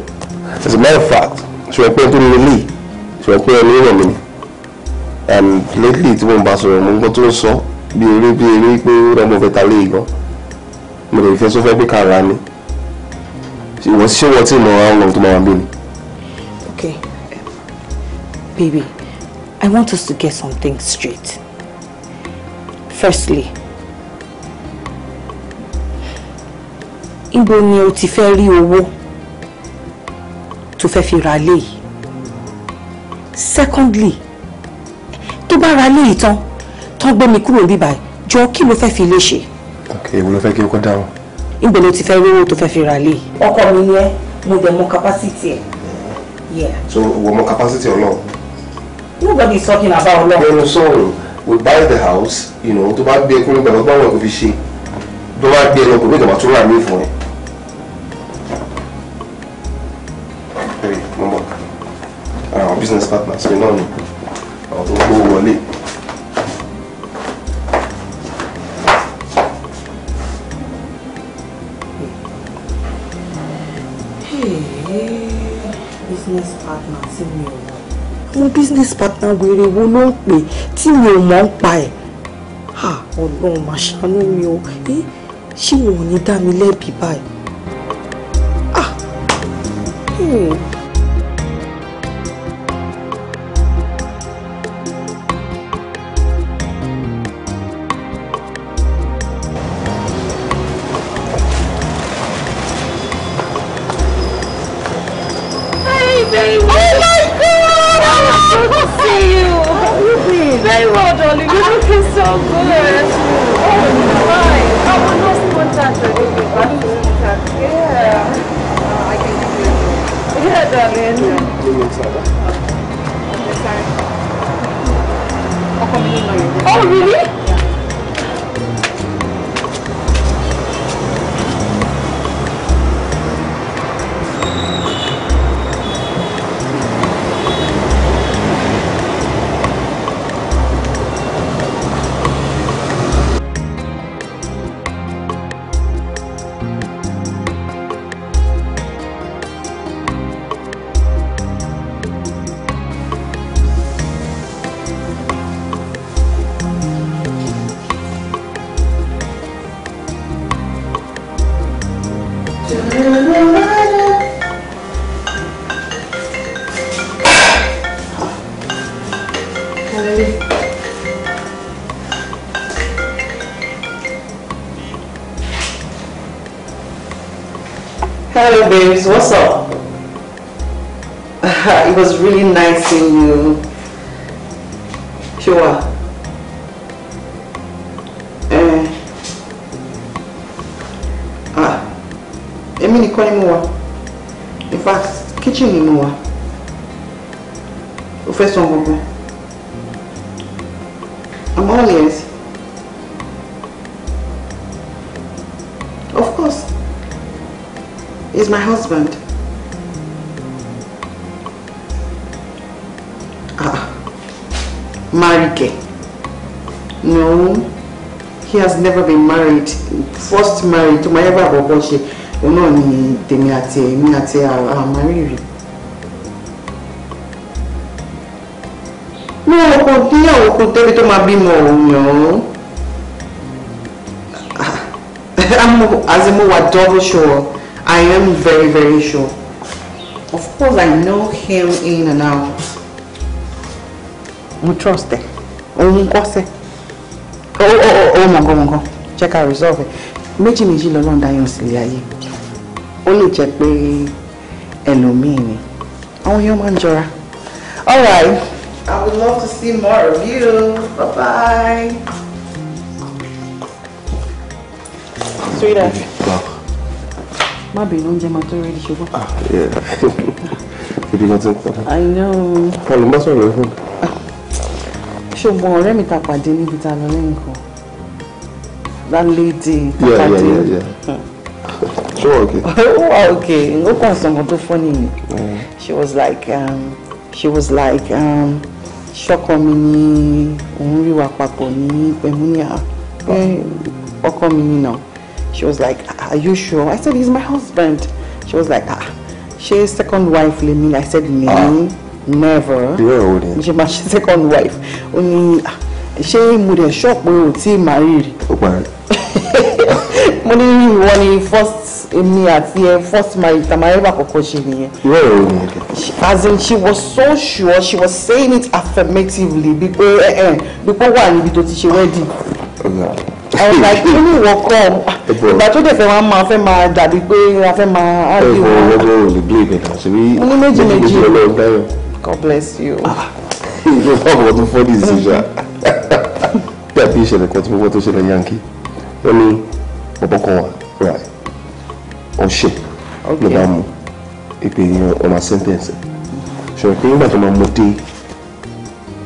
as a matter of fact ṣùgbọ́n pé tó ní ilé ṣùgbọ́n pé ẹni rẹ̀ mi ni and lately tí mo bá sọ̀rọ̀ mo ń gbọ́ tó ń sọ bí eré bí eré pé ó rẹ̀ mo fẹ́ ta lé yìí gan mo lè fẹ́ sọ fẹ́ pé kára ni ìwọ ṣé wọ́n ti mọ àwọn ọ̀nà tó máa wà bí mi baby, I want us to get something straight. Firstly, ibo ni o ti fẹ́ rí owó tó fẹ́ fi ra lé yìí secondly tó bá ra lé yìí tán tán gbé mi kúrò bíbá jọ kí ló fẹ́ fi lé ṣe. ok èwo ló fẹ́ kí o kọ́ dáhùn. ibo ló ti fẹ́ rí owó tó fẹ́ fi ra lé yìí. ọkọ mi ni ẹ mo dẹ̀ mọ capacity ẹ. Mm-hmm. so wo mọ capacity Ọlọ́run nobody is talking about ọlọ́run. bẹ́ẹ̀ni sọ̀rọ̀ we buy the house you know tó bá gbé ẹkún nígbà tó bá wọn kò fi ṣe tó bá gbé ẹnu kò ní ìjọba tó rà mí fún ẹ. our business partners mi náà ni àwọn tó gbówó wọlé. business partner sí mi ò fún business partner wèrè wo ló ń pè tí mi ò mọ̀ ń pa ẹ̀ ọlọ́run mà ṣàánú mi o ṣé wọn ò ní dá mi lẹ́bi báyìí. Ah, hmm. so oh, good. Oh, fine. Oh, one last One dollar. Yeah. I can you. Yeah, darling. sorry. Oh, really? It was really nice seeing you. Sure. Eh. Ah. Èmi nìkan ni mo wà. In fact, kitchen him mo The first one, sọ gbogbo. I'm all ears. Of course. He's my husband. never been married first married to my ever bá àkọ́kọ́ ṣe òun náà ni tèmi àti èmi àti àmárìrì. ní ọkùn ní ọkùn débi tó máa bímọ òun ọ̀hún ah, as in mo wà double sure I am very very sure of course I know him in and out. mo trust ẹ òun kọ́ sẹ́ẹ̀ ó mọ nǹkan nǹkan jẹ́ ká resolve méjì méjì lọ́lọ́run dáyọ̀ sílé ayé ó lè jẹ́ pé ẹlòmíì ni àwọn èèyàn máa ń all right i would love to see more of you bye bye. Sweetie. má bínú oúnjẹ máa tó rẹ́ẹ̀dì ṣùgbọ́n. Ah, ibi kan ti ń pọ̀. i know. paul ń bá sọ̀rọ̀ ẹ̀ fún mi. ṣùgbọ́n ọ̀rẹ́ mi ta pàdé níbi tá a lọ lẹ́yìn kan landlady pàtàkì. ṣé wà okay. Oh, wà okay ó kàn sọ nǹkan tó funny ni mm. she was like um, she was like um, ṣọkọ mi ni òun rí wa papọ̀ ní pẹ̀múnìà pé ọkọ mi ni náà she was like are you sure I said he's my husband she was like ah ṣé second wife lèmi I said mi ah. never ṣe máa ṣe second wife ó ní ah ṣé mo dẹ̀ ṣọ́ pé o tí màá rí rí. ó parí. mo ní ìwọ ni first èmi àti ẹ first marriage tamareba kọ́kọ́ ṣe nìyẹn. ìwé ìwé ìwé ìwé. as in she was so sure she was saying it affirmatively bí pé ẹ ẹ bí pé wà níbi tó ti ṣe wedding. àwọn ọ̀gá kí ni ìwọ kọ́ ìgbà tó dẹ̀ fẹ́ máa máa fẹ́ máa dàbí pé a fẹ́ máa á bí wọn. ẹ̀fọ́ ọlọ́gbọ́n ò lè bí èmi náà ṣe bí méjì méjì God bless you. ìjọba ọ̀gbọ́n tó fọ́ ní ìṣèjà bí àti ìṣẹ̀lẹ̀ kan tí mo wọ́n tó ṣẹlẹ̀ yankí wọ́n ní bọ̀bọ̀ kan wà rà ọṣẹ ló bá mú ìpè ọmọ sẹ́ńtẹ̀ǹsì ṣùgbọ́n pé nígbà tó máa mú dé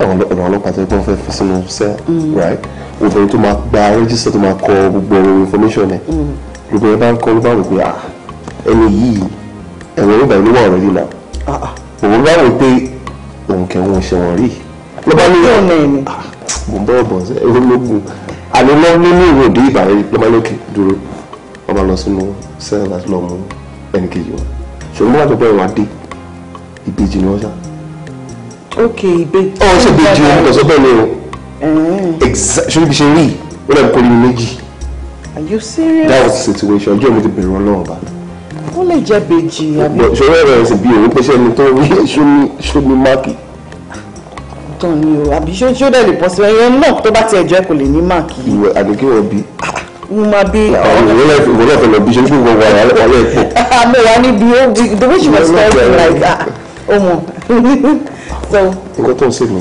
ọ̀rọ̀ ọlọ́pàá tó gbọ́n fẹ́ fi sínú sẹ́ mm. right obìnrin tó máa gba rẹ́jísítà tó máa kọ gbogbo ọ̀rọ̀ information ẹ̀ obìnrin mm. bá ń kọ́ ló bá wò pé ah, ẹni yìí ẹ̀rọ ìgbà ìlú wà ọ̀rẹ́dì náà ah, ah. òun bá wò pé òun kẹ́wọ́n ṣẹ̀wọ̀n rí ló ní ọ̀nà ẹ̀ mo ń bọ́ ọ̀bọ̀ ológun àní lọ nínú ìròdì ìbàrẹ̀ lọ́mọlókè dúró wọ́n máa lọ sínú sẹ́ẹ̀lì láti lọ mú ẹnì kejì wọn ṣùgbọ́n wọ́n àtọ́gbọ́n ìwà dé ìbejì ni wọ́n ṣá. ok ìbejì. ọ̀ ṣe ìbejì o lọ sọ bẹ́ẹ̀ ni o ṣé ibi ṣe rí ó lẹ́nu kó nínú méjì. that was the situation ọjọ́ mi ti bẹ̀rẹ̀ ọlọ́run bá. ó lè jẹ́ bèjì àbí. ṣọwọ́ ẹ̀rọ ẹ̀sìn bíi òun pèsè ẹni tó rí ṣómi ṣómi máàkì tán ni o àbí ṣó ṣó dẹ̀ lè pọ̀ sí ẹyẹ náà tó bá tiẹ̀ jẹ́ kò lè ní máàkì. ìwé àdèké wọ bí. mo máa bí. ìwọ náà fẹ́ lọ bí ṣe ah, ní kí wọ́n wà alẹ́ pọ̀. mo wà níbi ó di the way she was talking like ah ọmọ. nǹkan tó ń ṣe mí.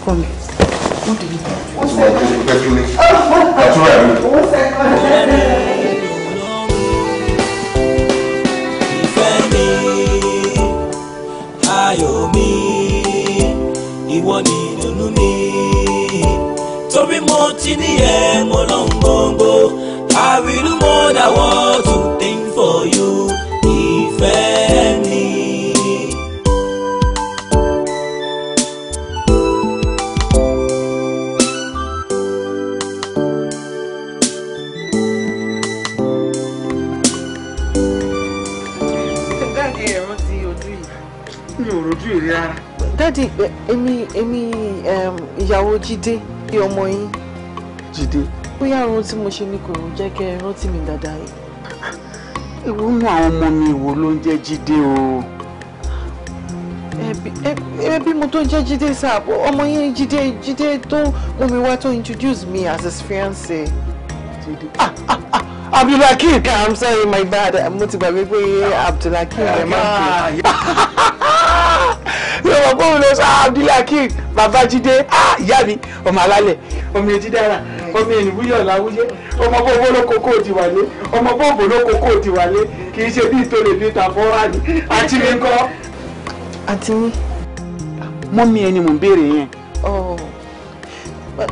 ọkọ mi wọ́n ti rí. ó ṣe é. ó ṣe é. ìwọ ni ìdùnnú mi torí mo ti ní ẹ̀ mọ́ lọ́n gbòǹgbò àwìlú jíde bí ọmọ yín jíde bóyá àrùn tí mo ṣe ni kò jẹ́ kẹ́ ẹ rántí mi dáadáa yìí. ìwọ nú àwọn ọmọ mi ìwọ ló ń jẹ́ jíde o. ẹbí mo tó jẹ́ jíde sáà ọmọ yín jíde jíde tó mú mi wá tó introduce me as his fiancé. ah ah ah Abdulhakeem. Yeah, I'm sorry, my bad. Mo ti gbàgbé pé Abdulhakeem ah, ẹ̀ máa ń pè. Yorùbá bóun ló sọ Abdulhakeem. Babájídé ah, ìyá mi ọmọ alálẹ̀ ọmọ etí dára ọmọ ènìwúyọ̀ làwúyé ọmọ bóbó ló òdì wálé ọmọ bóbó ló òdì wálé kì í ṣe bí ìtòlè bí tàbọ́ra ni àti mi kọ́. àti mi. mọ́mí ẹni mò ń béèrè yẹn.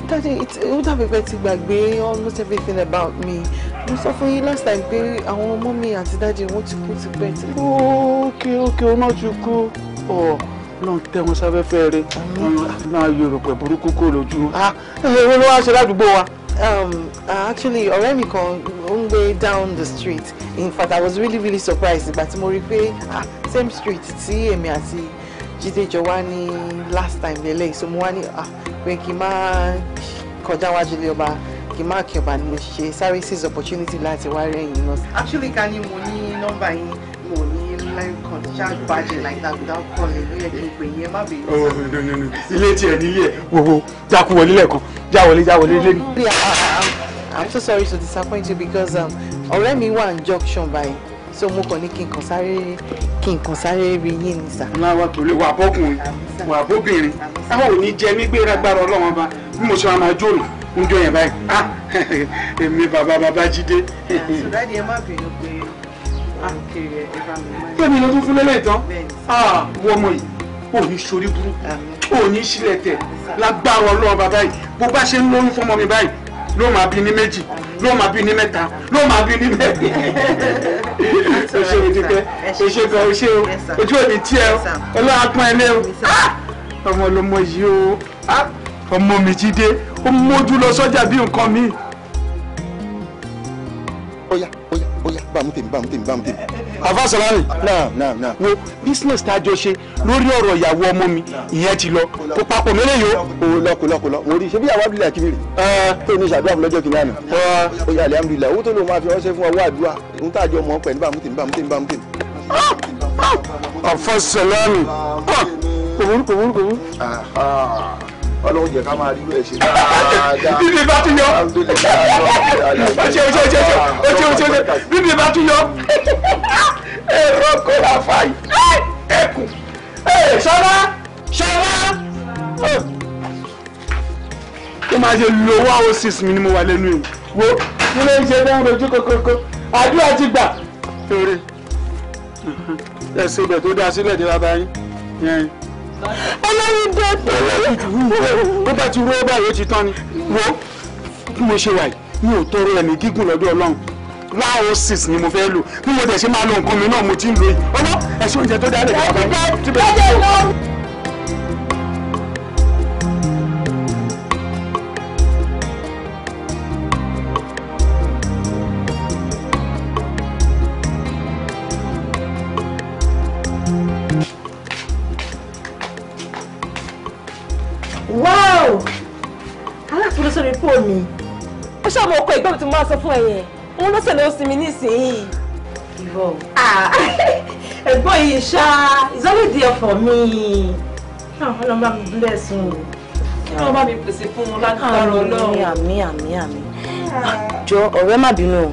Daddy, ó dàbí pé ti gbàgbé almost everything about me. Mo sọ fún yín last time pé àwọn mọ́mí àti daddy wọn ti kú ti pẹ́ ti. okay, okay. ọ̀nà ti kú náà tẹ wọn sáfẹ́fẹ́ rẹ náà yorùbá burúkú kò lójú ah ló wá ṣe ládùúgbò wa. Um, actually ọ̀rẹ́ mi kan ó ń gbé down the street in fact I was really really surprised ìgbà tí mo rí pé ah, same street tí èmi àti Jídé jọ wá ní last time lélẹ̀ so mo wá ní ah pé kí n má kọjá wájú lé ọba kí n má kí ọba ni mo ṣe sáré seize opportunity láti wá rẹ́yìn náà. actually ká ní mo ní nọ́mbà yín mo ní Oh, ilé tiẹ̀ nílé ẹ̀ wo jákú wọlé lẹ́ẹ̀kan já wọlé já wọlé lé mi. Oh, I'm so sorry to disappoint you because um, ọ̀rẹ́ mi wà ní junction by so mo kàn ní kí n kàn sáré kí n kàn sáré rí yín ni sà. ńlá wa pẹ̀lú wà bọ́kùnrin wà bóbìnrin táwọn ò ní jẹ mí gbéra gbára ọlọ́run ọba bí mo ṣe máa máa jóòlù ń jó yẹn báyìí ah èmi bàbá bàbá jíde. sùdádìí ẹ má bínú fẹ́mi ló tún fún lélẹ̀ tán wọ ah, ọmọ yìí ò ní sori burúkú ò ní sílẹ̀ tẹ̀ lágbára ọlọ́run bàbá yìí bó bá ṣe ń lóyún fọmọ mi báyìí ló máa bí ní méjì ló máa bí ní mẹ́ta ló máa bí ní mẹ́rin o ṣe o dúpẹ́ o ṣe gan o ṣe o ojú òní tí ẹ ọlọ́run pọ́n ẹ lé o ah! ọmọ lọmọ yìí o ah! ọmọ mi jíde ó mójú lọ sọ́jà bí nǹkan mi. ó yá ọ̀yà bámu tèmi bámu tèmi bámu tèmi. àfàsọ̀rọ̀ náà náà wo business tá a jọ ṣe lórí ọ̀rọ̀ ìyàwó ọmọ mi ìyẹn ti lọ kó papọ̀ mẹ́lẹ̀ yìí o. o lọ kó lọ kó lọ mo rí i ṣé bí àwọn abdulayi akimiri. tó ní sàdúrà fún lọ́jọ́ kìnìún àná. o yà lẹ́yìn abdulayi owó tó lóun máa fi ránṣẹ́ fún ọwọ́ àdúrà ń tàjọ mọ́ pẹ̀lú bámu tèmi bámu tèmi bámu tèmi. àfàsọ̀rọ̀ ọlọ́run jẹ́ ká máa rí rẹ̀ ṣe dáadáa. bíbí bá tún yọ ọjọ́ ọjọ́ ọjọ́ ọjọ́ ọjọ́ ọjọ́ bíbí bá tún yọ ẹ̀rọ kọ́ra fàáyì ẹ̀kùn ṣọ́ra ṣọ́ra. kí máa ṣe lo one oh six mi ni mo wà lẹ́nu ẹ̀ wo kí ló ń ṣe dáhùn ojú kokoko àdúrà ti gbà. torí ẹ ṣe ibẹ̀ tó dá sílẹ̀ dé bàbá yín ọlọ́run dẹ́tọ́. tó bá ti rú ọ báyìí ó ti tán ni wo bí mo ṣe wà yìí mi ò tọrọ ẹ̀mí gígùn lọ́dọ̀ ọlọ́run láàó six ni mo fẹ́ lò bí mo tẹ̀ ṣe máa lo nǹkan mi náà mo ti ń lo yìí ọlọ́ ẹ̀sùn oúnjẹ tó dáa lè fọwọ́ bá mi. ṣọ́ọ̀bù oko ìgbẹ́ tí mo máa sọ fún ẹ̀yẹ òun ló ṣẹlẹ̀ oṣù mi nísìnyìí. ìwọ ah, ẹ̀gbọ́n yìí ṣá it's only there for me ah, ọlọ́run bá mi bless wọn kí wọ́n bá mi pèsè fún wọn lágbára ọlọ́run. àmì àmì àmì jọ ọ̀rẹ́ má bínú o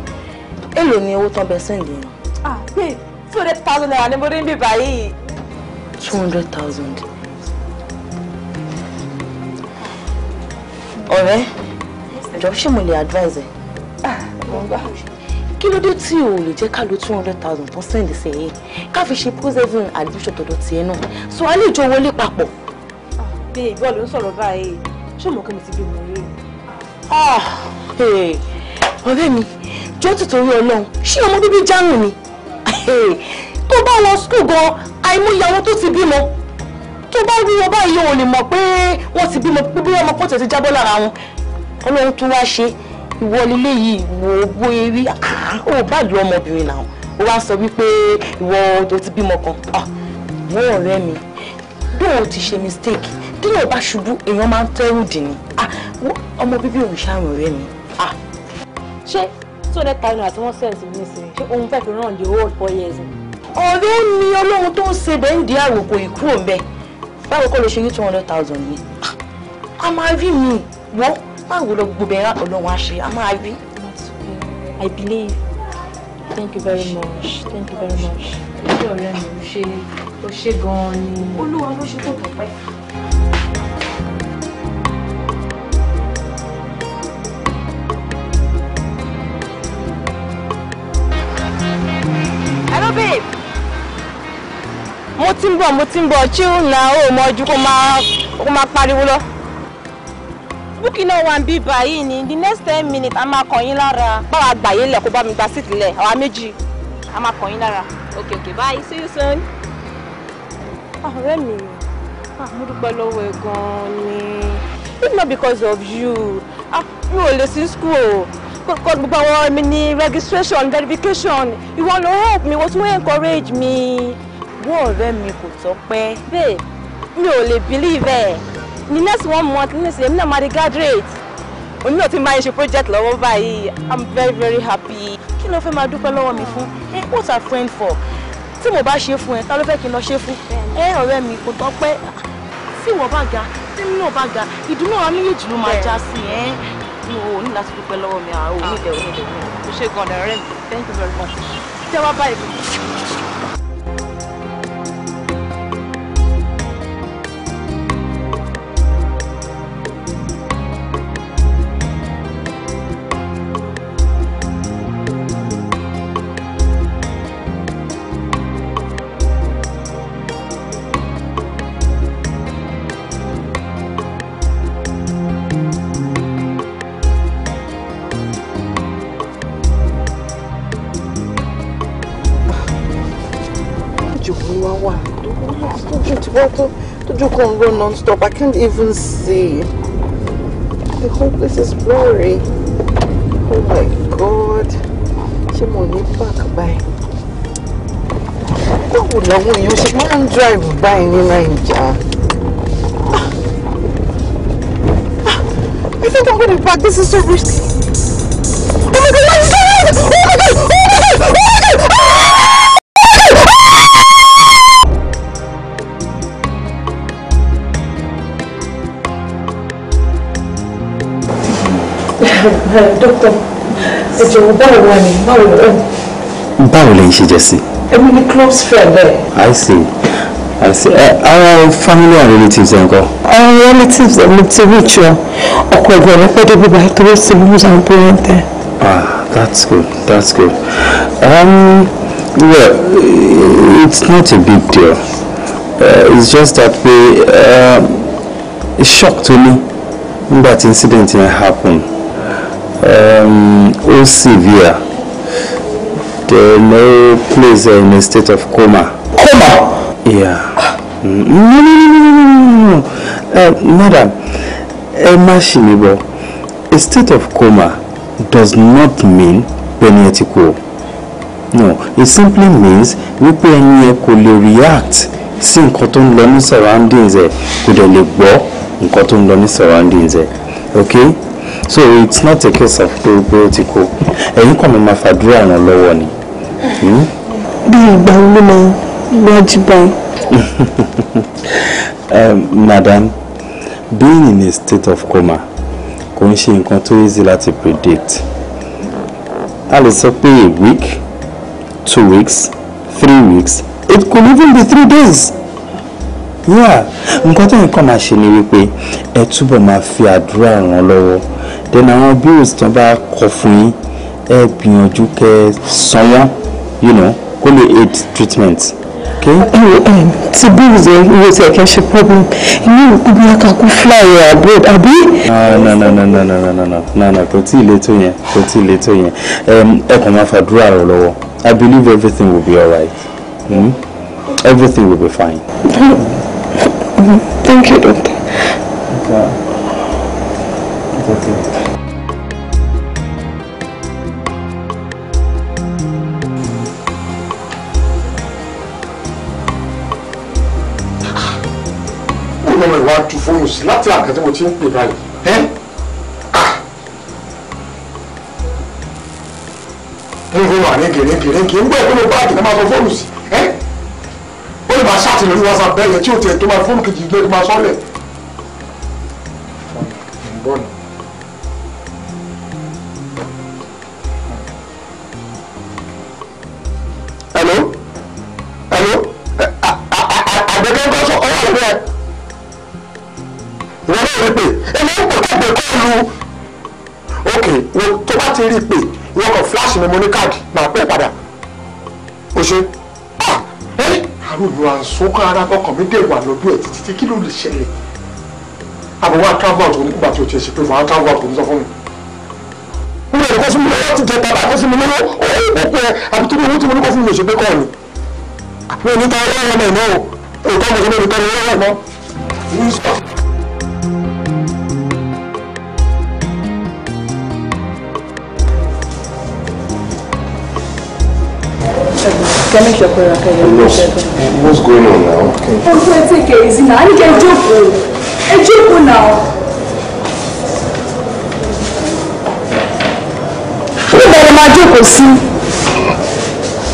èlò ni owó tán bẹ sẹ́ǹdì yẹn. ah babe two hundred thousand naira ni mo rí níbí báyìí. two hundred thousand. ọ̀rẹ́ jọ ṣé mo lè advise ẹ. Ah, kí ló dé tí o lè jẹ́ ká lo two hundred thousand tó send sẹ́yìn ká fi ṣe preserving admission tọ̀dọ̀ tiẹ̀ náà so a lè jọ wọlé papọ̀. bí ìbí ọ̀lẹ́ ń sọ̀rọ̀ báyìí ṣé mo kí mi ti bí mo rí i. Ah, ọ̀rẹ́ mi jọ tìtorí ọlọ́run ṣé ọmọ bíbí jáàmù ni tó bá wọ skul gan àìmọye àwọn tó ti bímọ tó bá rí wọn báyìí ò lè mọ̀ pé wọ́n ti bímọ pé bí ọmọ pọ́tẹ́ ti jábọ́ lára wọn ọlọ́run tún wá ṣe ìwọlélé yìí wò ó bóyá rí ah, ó bá lu ọmọbìnrin náà ó wá sọ wípé ìwọ tó ti bímọ kan ah, wọ́n ọ̀rẹ́ mi bí ti ṣe mistake tí yóò bá ṣubú èèyàn máa ń tẹ́rù dì ní ah, ọmọ bíbí òrìṣàrùn ọ̀rẹ́ mi. ṣé two hundred thousand àti one cent ní ìsinmi ṣé òun fẹ́ fi ràn the whole four years. ọ̀rẹ́ mi ọlọ́run tó ń ṣe bẹ́ẹ̀ ń di àròkọ ìkúrò ń bẹ́ẹ̀ báwo kọ́ ló ṣe ní two hundred thousand yìí a máa rí mi wọ́n máa wò lọ gbogbo ẹ̀rá ọlọ́run àṣẹ a máa rí. I believe thank you very much thank you very much. ojú ọ̀rẹ́ mi ò ṣe ò ṣe gan ni. olúwa ló ṣe tó tọpẹ́. hello babe mo ti ń bọ̀ mo ti ń bọ̀ chill na o mọ̀ ju kó máa kó máa pariwo lọ búkì náà wà ń ni the next ten minutes a máa kàn yín lára báwa gbà yín lẹ̀ kó bá mi gba síìtì lẹ̀ àwa méjì a máa kàn yín lára okay okay bye see you soon. Ah, ọ̀rẹ́ mi ah, mo dúpẹ́ lọ́wọ́ ẹ gan-an ni if not because of you ah, mi ò lè sí school o kò gbogbo àwọn mi ní registration verification ìwọ ló help mi wọ́n tún encourage mi. wọ́n ọ̀rẹ́ mi kò tọ́pẹ́ bẹ́ẹ̀ mi ò lè believe ẹ̀ the next one month nínú ìsìn èmi náà máa di graduate òní náà ti máa ń project lọ́wọ́ báyìí i'm very very happy kí ló fẹ́ máa dúpẹ́ lọ́wọ́ mi fún ẹ eh, what are friend for See my bá chef, fún ẹ ta ló fẹ́ kí n lọ ṣe fún ẹ eh, ọ̀rẹ́ mi kò tọ́pẹ́ tí See my bad tí mi náà bá ga You do méjèèjì ló máa já sí ẹ ní o ní láti dúpẹ́ lọ́wọ́ mi àwọn ah, onídẹ̀ẹ́ onídẹ̀ẹ́ thank you very much. jẹ́ wá báyìí. water to, do Congo non-stop. I can't even see. The whole place is blurry. Oh my God. Chimoni back by. Oh, not you should man drive by in Nigeria. I think I'm gonna back. This is so risky. Oh my god, oh my god, oh my god, oh my god, oh my god! Oh my god! Oh my god! dókítà ẹ jọ̀wọ́ báwo wà ní báwo lọ. báwo lẹ́yìn ṣe jẹ́ sí. èmi ni close friend ẹ. I see I see ẹ àwọn family and relatives ẹ ńkọ́. Our relatives ẹ mi ti reach ọ ọkọ ẹgbẹ́ mi pẹ́ débi báyìí torí sí lose and parent ẹ. ah that's good that's good um, well it's not a big deal uh, it's just that we uh, shock to me nígbà tí incident happened um, ó severe There ó place her in a state of coma. coma. Yeah. no no no no no no no uh, madam ẹ má ṣì mí bọ̀ a state of coma does not mean pẹ́ni ẹ ti kú o no it simply means wípé ẹni ẹ kò lè react sí nǹkan tó ń lọ ní surroundings ẹ kò dẹ̀ lè gbọ́ nǹkan tó ń lọ ní surroundings ẹ okay so it's not a case of pé pé ó ti kó ẹ̀yin kàn máa fàdúrà ràn lọ́wọ́ ni. Hmm? bí ìgbà wo ló máa wá jí báyìí. Um, madam being in a state of coma kò ń ṣe nǹkan tó easy láti predict a lè sọ pé a week two weeks three weeks it could even be three days yeah nǹkan tó yẹn kàn máa ṣe ni wípé ẹ túbọ̀ máa fi àdúrà ràn lọ́wọ́ then àwọn bills tí wọ́n bá kọ fún yín ẹ gbìyànjú kẹ́ san wọ́n you know kó lè aid treatment. Okay. Oh, oh, oh, ti bills yẹn iye tí ẹ kẹ́ ṣe problem inú ìlú bí a kà kú fly abroad àbí. na na na na na na na na na na kò tí ì le tó yẹn kò tí ì le tó yẹn ẹ kàn máa fàdúrà rẹ lọ́wọ́ I believe everything will be alright Hmm. everything will be fine. Thank you, doctor. Okay important. ó ìwà tu fóònù sí láti àgbà tí mo ti ń pè báyìí. ń gbé wà ní gèrègèrègè ń gbé ìpínlẹ̀ báàgì tó máa sọ fóònù sí. ó lè máa ṣàtìlẹ́yìn whatsapp bẹ́ẹ̀ yẹn tí ó tiẹ̀ tó máa fóònù kejì lé tó máa sọ́lẹ̀. ọkàn ara ọkàn mi dẹ̀ wà lọ́dọ̀ ẹ̀ títí tí kí ló lè ṣẹlẹ̀ àbúrò akáwọ̀ àbò nígbà tí o ti ṣe pé màá káwọ̀ àbò sọ fún mi. mo lè kọ́ sí lọ́wọ́ ti jẹta bá kọ́ lọ́wọ́ ọ̀hún ìpẹ́pẹ́ àbí tó ní tí mo ní kọ́ fún mi òṣèpẹ́ kọ́ ni. mi ò ní ta ọlọ́run ọmọ ìmọ̀ o èkó ọmọ ìmọ̀ ìtọ́ni ọlọ́run ọmọ. Eh, what's, going on now? Okay. Oh, so take it easy now. I need a joke. A joke now. Níbẹ̀ ni máa jókòó sí.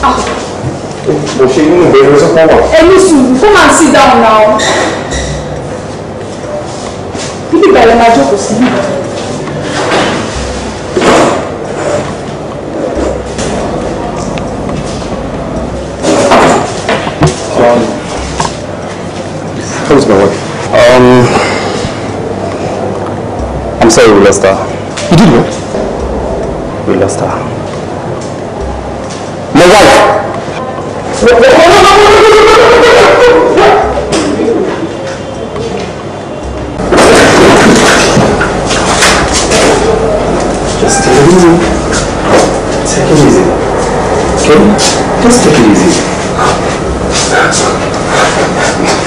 Ah. Mo ṣe nínú ìbẹ̀rẹ̀ sọ́kọ̀ wà. Ẹni sùúrù, come and sit down now. Níbẹ̀ ni máa jókòó sí. Um, I'm sorry we lost her. You did what? We lost her. My wife! No, no, no, Just take it easy. Take it easy. Okay? Just take it easy.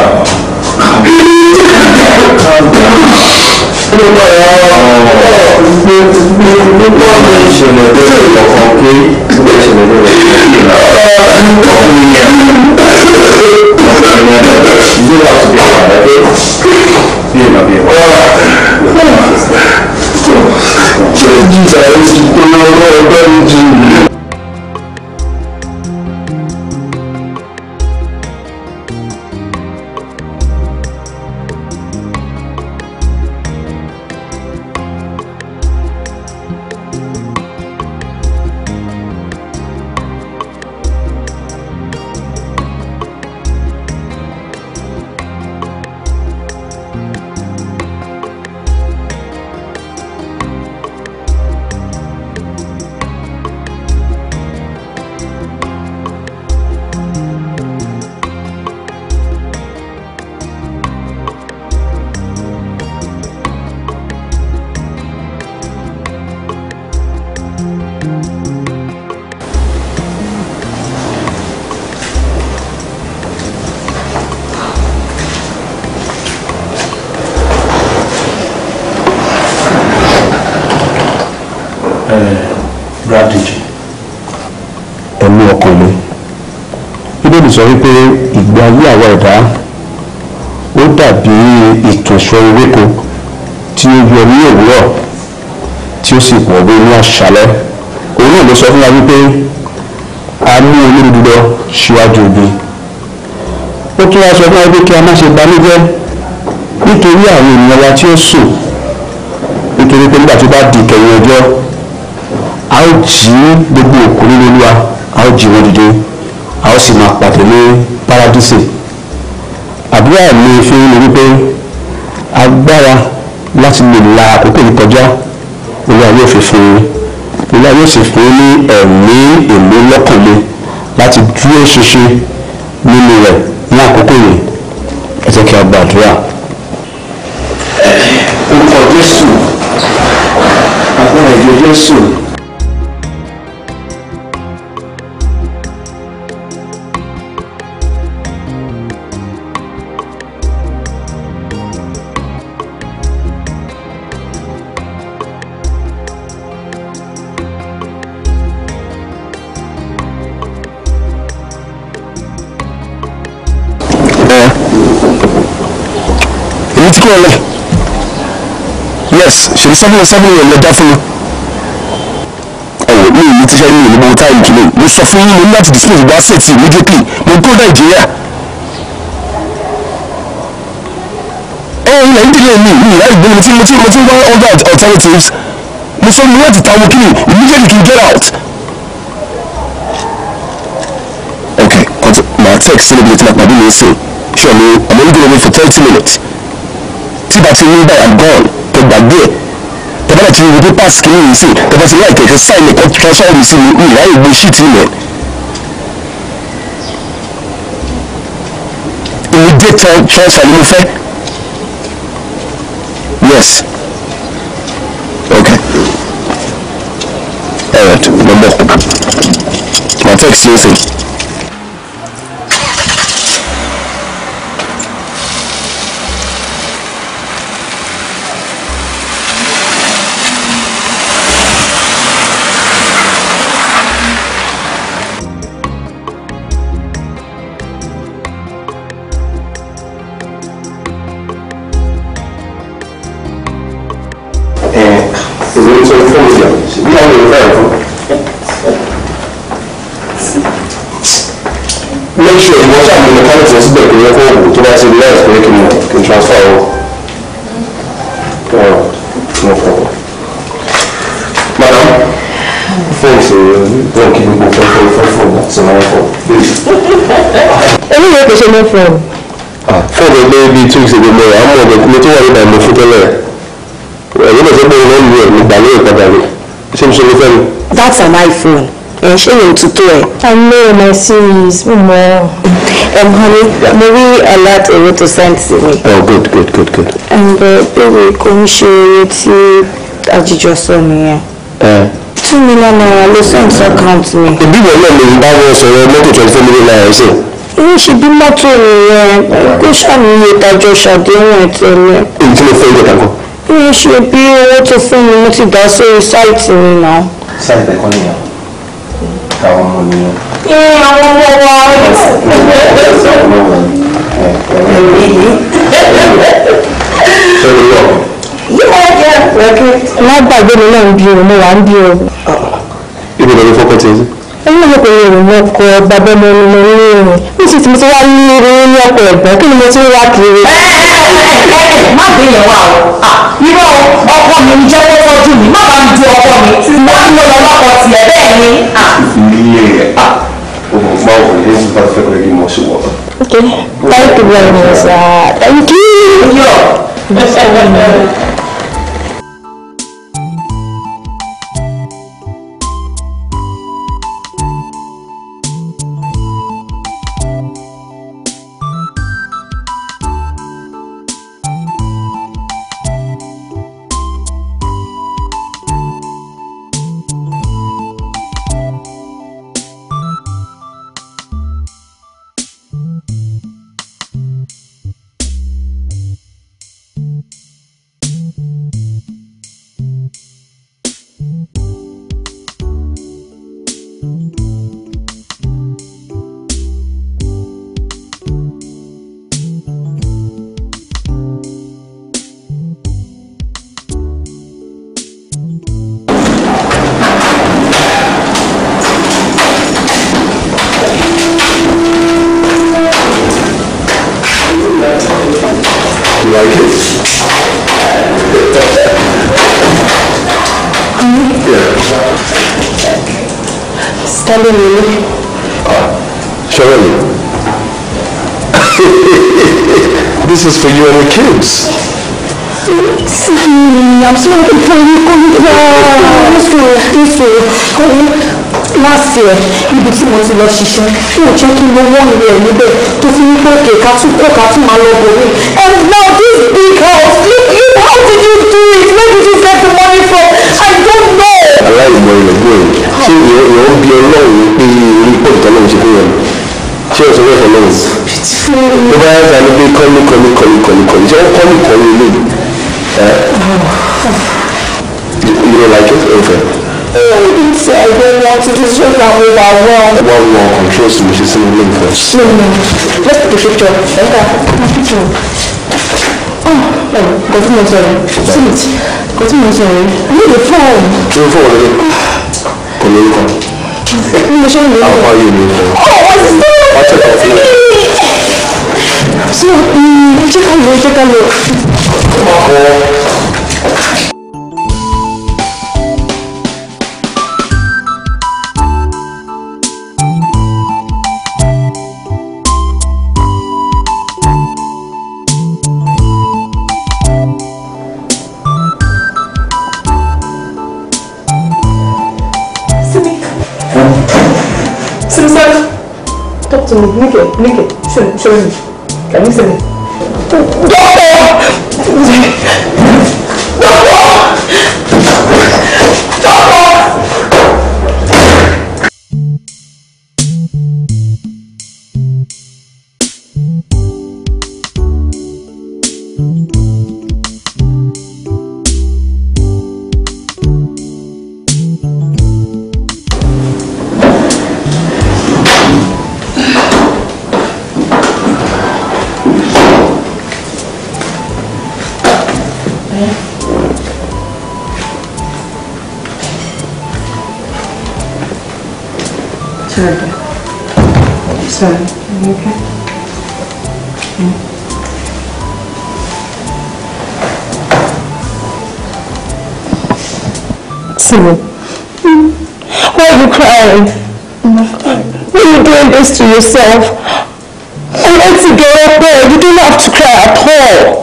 ìṣẹ̀lẹ̀ tó ń bọ̀ kan pé gbogbo ìṣẹ̀lẹ̀ tó ń bọ̀ Changes are to go on, sọ wípé ìgbé ayé àwa ẹ̀dá ó dàbí ìtànṣọ ewéko tí ó yọ ní òwúrọ̀ tí ó sì pọ̀ bí ní àṣálẹ́ òun náà ló sọ fún wa wípé a ní olódodo síwájú ibi ó tún wá sọ fún wa pé kí a má ṣe banújẹ́ nítorí àwọn ènìyàn wa tí ó sùn nítorí pé nígbà tó bá di kẹyìn ọjọ́ a ó jí gbogbo òkú nínú olúwa a ó jí wọn dìde a ó sì máa pàdé ní paradísè àdúrà mi fi ń lórí pé agbára láti lè la àkókò yìí kọjá olúwa yóò fi fún un olúwa yóò sì fún un ní ẹ̀mí èlò lọ́kànlé láti dúró ṣinṣin nínú rẹ̀ ní àkókò yìí ẹ kí a gbàdúrà. orúkọ jésù agbára ìjọ jésù. ní seven seven yẹn lọ́jà fún mi. ẹ̀wọ̀ mi ò ní tíṣẹ́ mi ò ní gbogbo táìmù tó lè mo sọ fún yín mo ní láti disclose gba asset immediately mo go Nàìjíríà. ẹ ẹ ilẹ̀ ìdílé mi mi ìyá ìgbóni mo ti mo ti mo ti wá other alternatives mo sọ mi láti ta mo kí ni immediately get out. ok kọ́ńtà màá text celebrate ma pàdé mi ń sure ṣọ́ọ̀ni I'm only gbé mi for thirty minutes tí bá ti rí báyìí i'm gone tó gbàgbé ẹ̀ náà ti rí pé pass kìíní yìí sí tẹ̀fẹ́ sí láì kẹ̀kẹ́ sáì lè kọ́ transfer mi sí mi ìráyè gbé sheet ilẹ̀. immediate transfer ni mo fẹ́. yes. okay. all right gbọ́dọ̀. my text yóò sìn. gbogbo ẹ̀ àmọ́ ọ̀dọ̀ mi tó wà nígbà mo fún tẹ́lẹ̀ ẹ̀yìn lọ́sẹ̀ pé wọ́n lu ẹ̀ nígbà lóye padà rẹ̀ ṣé mo ṣe lè fẹ́mi. that's an iphone ẹ̀ ṣé yóò tutù ẹ̀. i know my series mo mọ um, honey yeah. mo rí a lot owó to send to me. oh good good good good. and uh, bẹ́ẹ̀ kò ń ṣe eré tí àjíjọ sọ nìyẹn. Eh. two million naira ló send to account mi. ìbí ìwọ̀n náà lè bá wọn sọ̀rọ̀ mọ́tò twenty four million naira ṣe ń ṣe bí mọ́tò nìyẹn kó ṣàmìyẹ ìdájọ́ ṣàdéhùn ẹ̀tẹ̀ mi. èyí tí mo fẹ́ yẹ kankan. ń ṣe bí owó tó fún mi mo ti dá sórí sáìtì mi náà. sáìtì ẹ̀kọ́ nìyẹn àwọn ọmọ nìyẹn. ẹ àwọn ọmọ wa. má gbàgbé mi náà ń bí o mo wà ń bí o. ibi ìdọ̀rọ̀ fọkàn tí sí. ẹ ní ìyókù yẹn ò mọ̀ ọkọ̀ bàbá mi ni mo ní ìrìn sì tí mo ti wá ní irun ní ọkọ̀ ẹ̀gbọ́n kí ni mo ti ń wá kiri. ẹ ẹ ẹ ẹ má gbé yẹn wá o irọ́ ọkọ mi ń jẹ́ kó tọ́jú mi má bàa du ọkọ mi tí mo ń lọ lọ́kọ̀ tiẹ̀ bẹ́ẹ̀ ni. ilé thank you very much sir thank you. lọ ṣiṣẹ́ kí ò kí ló wọ́n ilé ẹ̀ níbẹ̀ tó fi ń pé òkè ká tún kó ká tún máa lọ bòmí. and now this big house look you how did you do it where did you get the money from I don't know. aláìmọ̀ ilẹ̀ gbọ́ ẹ̀ ṣé ìyẹn ń bí ọlọ́run pé orí pọ̀ ìtọ́ náà ṣe fún yẹn ṣé o sọ fẹ́ fọlọ́ tó bá yàtọ̀ ní pé kọ́ni kọ́ni kọ́ni kọ́ni kọ́ni ṣé wọ́n kọ́ni kọ́ni ilé yìí ẹ́ you know like it? Okay ìfẹ́ ẹgbẹ́ wọn ti di ṣé làwọn wà wọ́n. ẹ wá wọ control sí mi ṣe sínú ilé nǹkan. no no let's take a picture ẹ̀ka na picture gọ́tùmọ̀ sọ̀rọ̀ sílẹ̀ gọ́tùmọ̀ sọ̀rọ̀ ní ìlú fọ́ọ̀mù. kí ló fọ́ọ̀mù lórí kò lórúkọ. bí mo ṣe ń lò ó. àwọn ayé mi lọ. ọ̀wọ́ sí i. wọ́n tẹ̀lé ọ̀fun. so jẹ́ ká lọ jẹ́ ká lọ. ọkọ me, lick it, lick it. Show, show me. Can you see me? Doctor! Why are you crying? Why are you doing this to yourself? I want to go up there. You don't have to cry at all.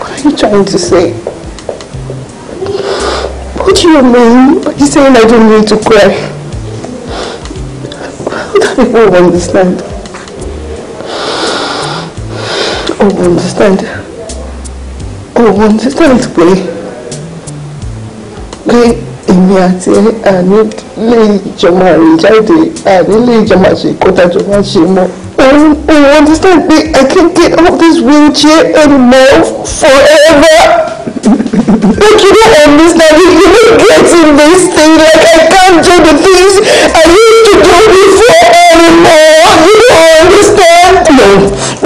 What are you trying to say? What do you mean by saying I don't need to cry? How do not understand? I don't understand. wọn títẹ̀lẹ̀ pé pé èmi àti àní lè jọ máa rìn jáde àní lè jọ máa ṣe kóta jọ máa ṣe mọ́. I understand me. I can't get out of this wheelchair anymore forever. like you don't understand me. You don't get in this thing. Like I can't do the things I used to do before anymore. You don't understand? No.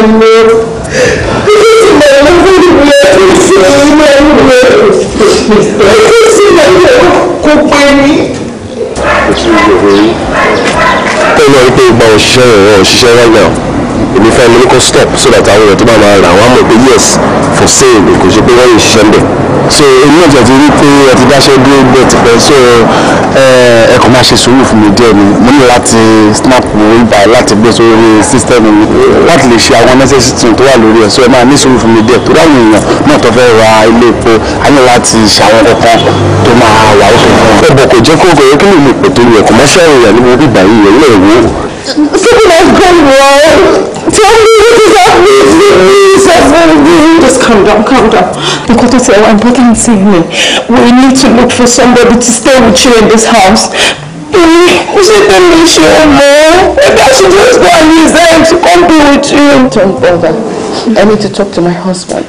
my Lord. This is my lovely blood. This is my blood. This is my blood. Kò pé mi. Ẹ lọ rí pé ìgbà òṣìṣẹ́ rẹ̀ òṣìṣẹ́ right now èmi fẹ́ mi ní kó stop so that àwọn èèyàn tó bá máa rà wọ́n á mọ̀ pé yes for sale kò ṣe pé wọ́n yóò ṣiṣẹ́ ńbẹ̀. so èmi náà tẹ̀sí rí pé ẹ ti dáṣẹ́ dúró gbé tipẹ́ so ẹ kò máa ṣe sùúrù fún mi díẹ̀ ni mo ní láti snap orí báyìí láti gbé sórí system mi láti lè ṣe àwọn necessary things tó wà lórí ẹ̀ so ẹ máa ní sùúrù fún mi díẹ̀ torí àwọn èèyàn náà tó fẹ́ ra ilé epo a ní láti ṣàwọn kankan tó máa wà ó fún wọn. ọbọ kò jẹ́ kó o kò yẹ kí lè lè pètè rẹ̀ Just calm down, calm down. Because it's our important thing. We need to look for somebody to stay with you in this house. Maybe I should just go and resign to come be with you. Don't bother. I need to talk to my husband.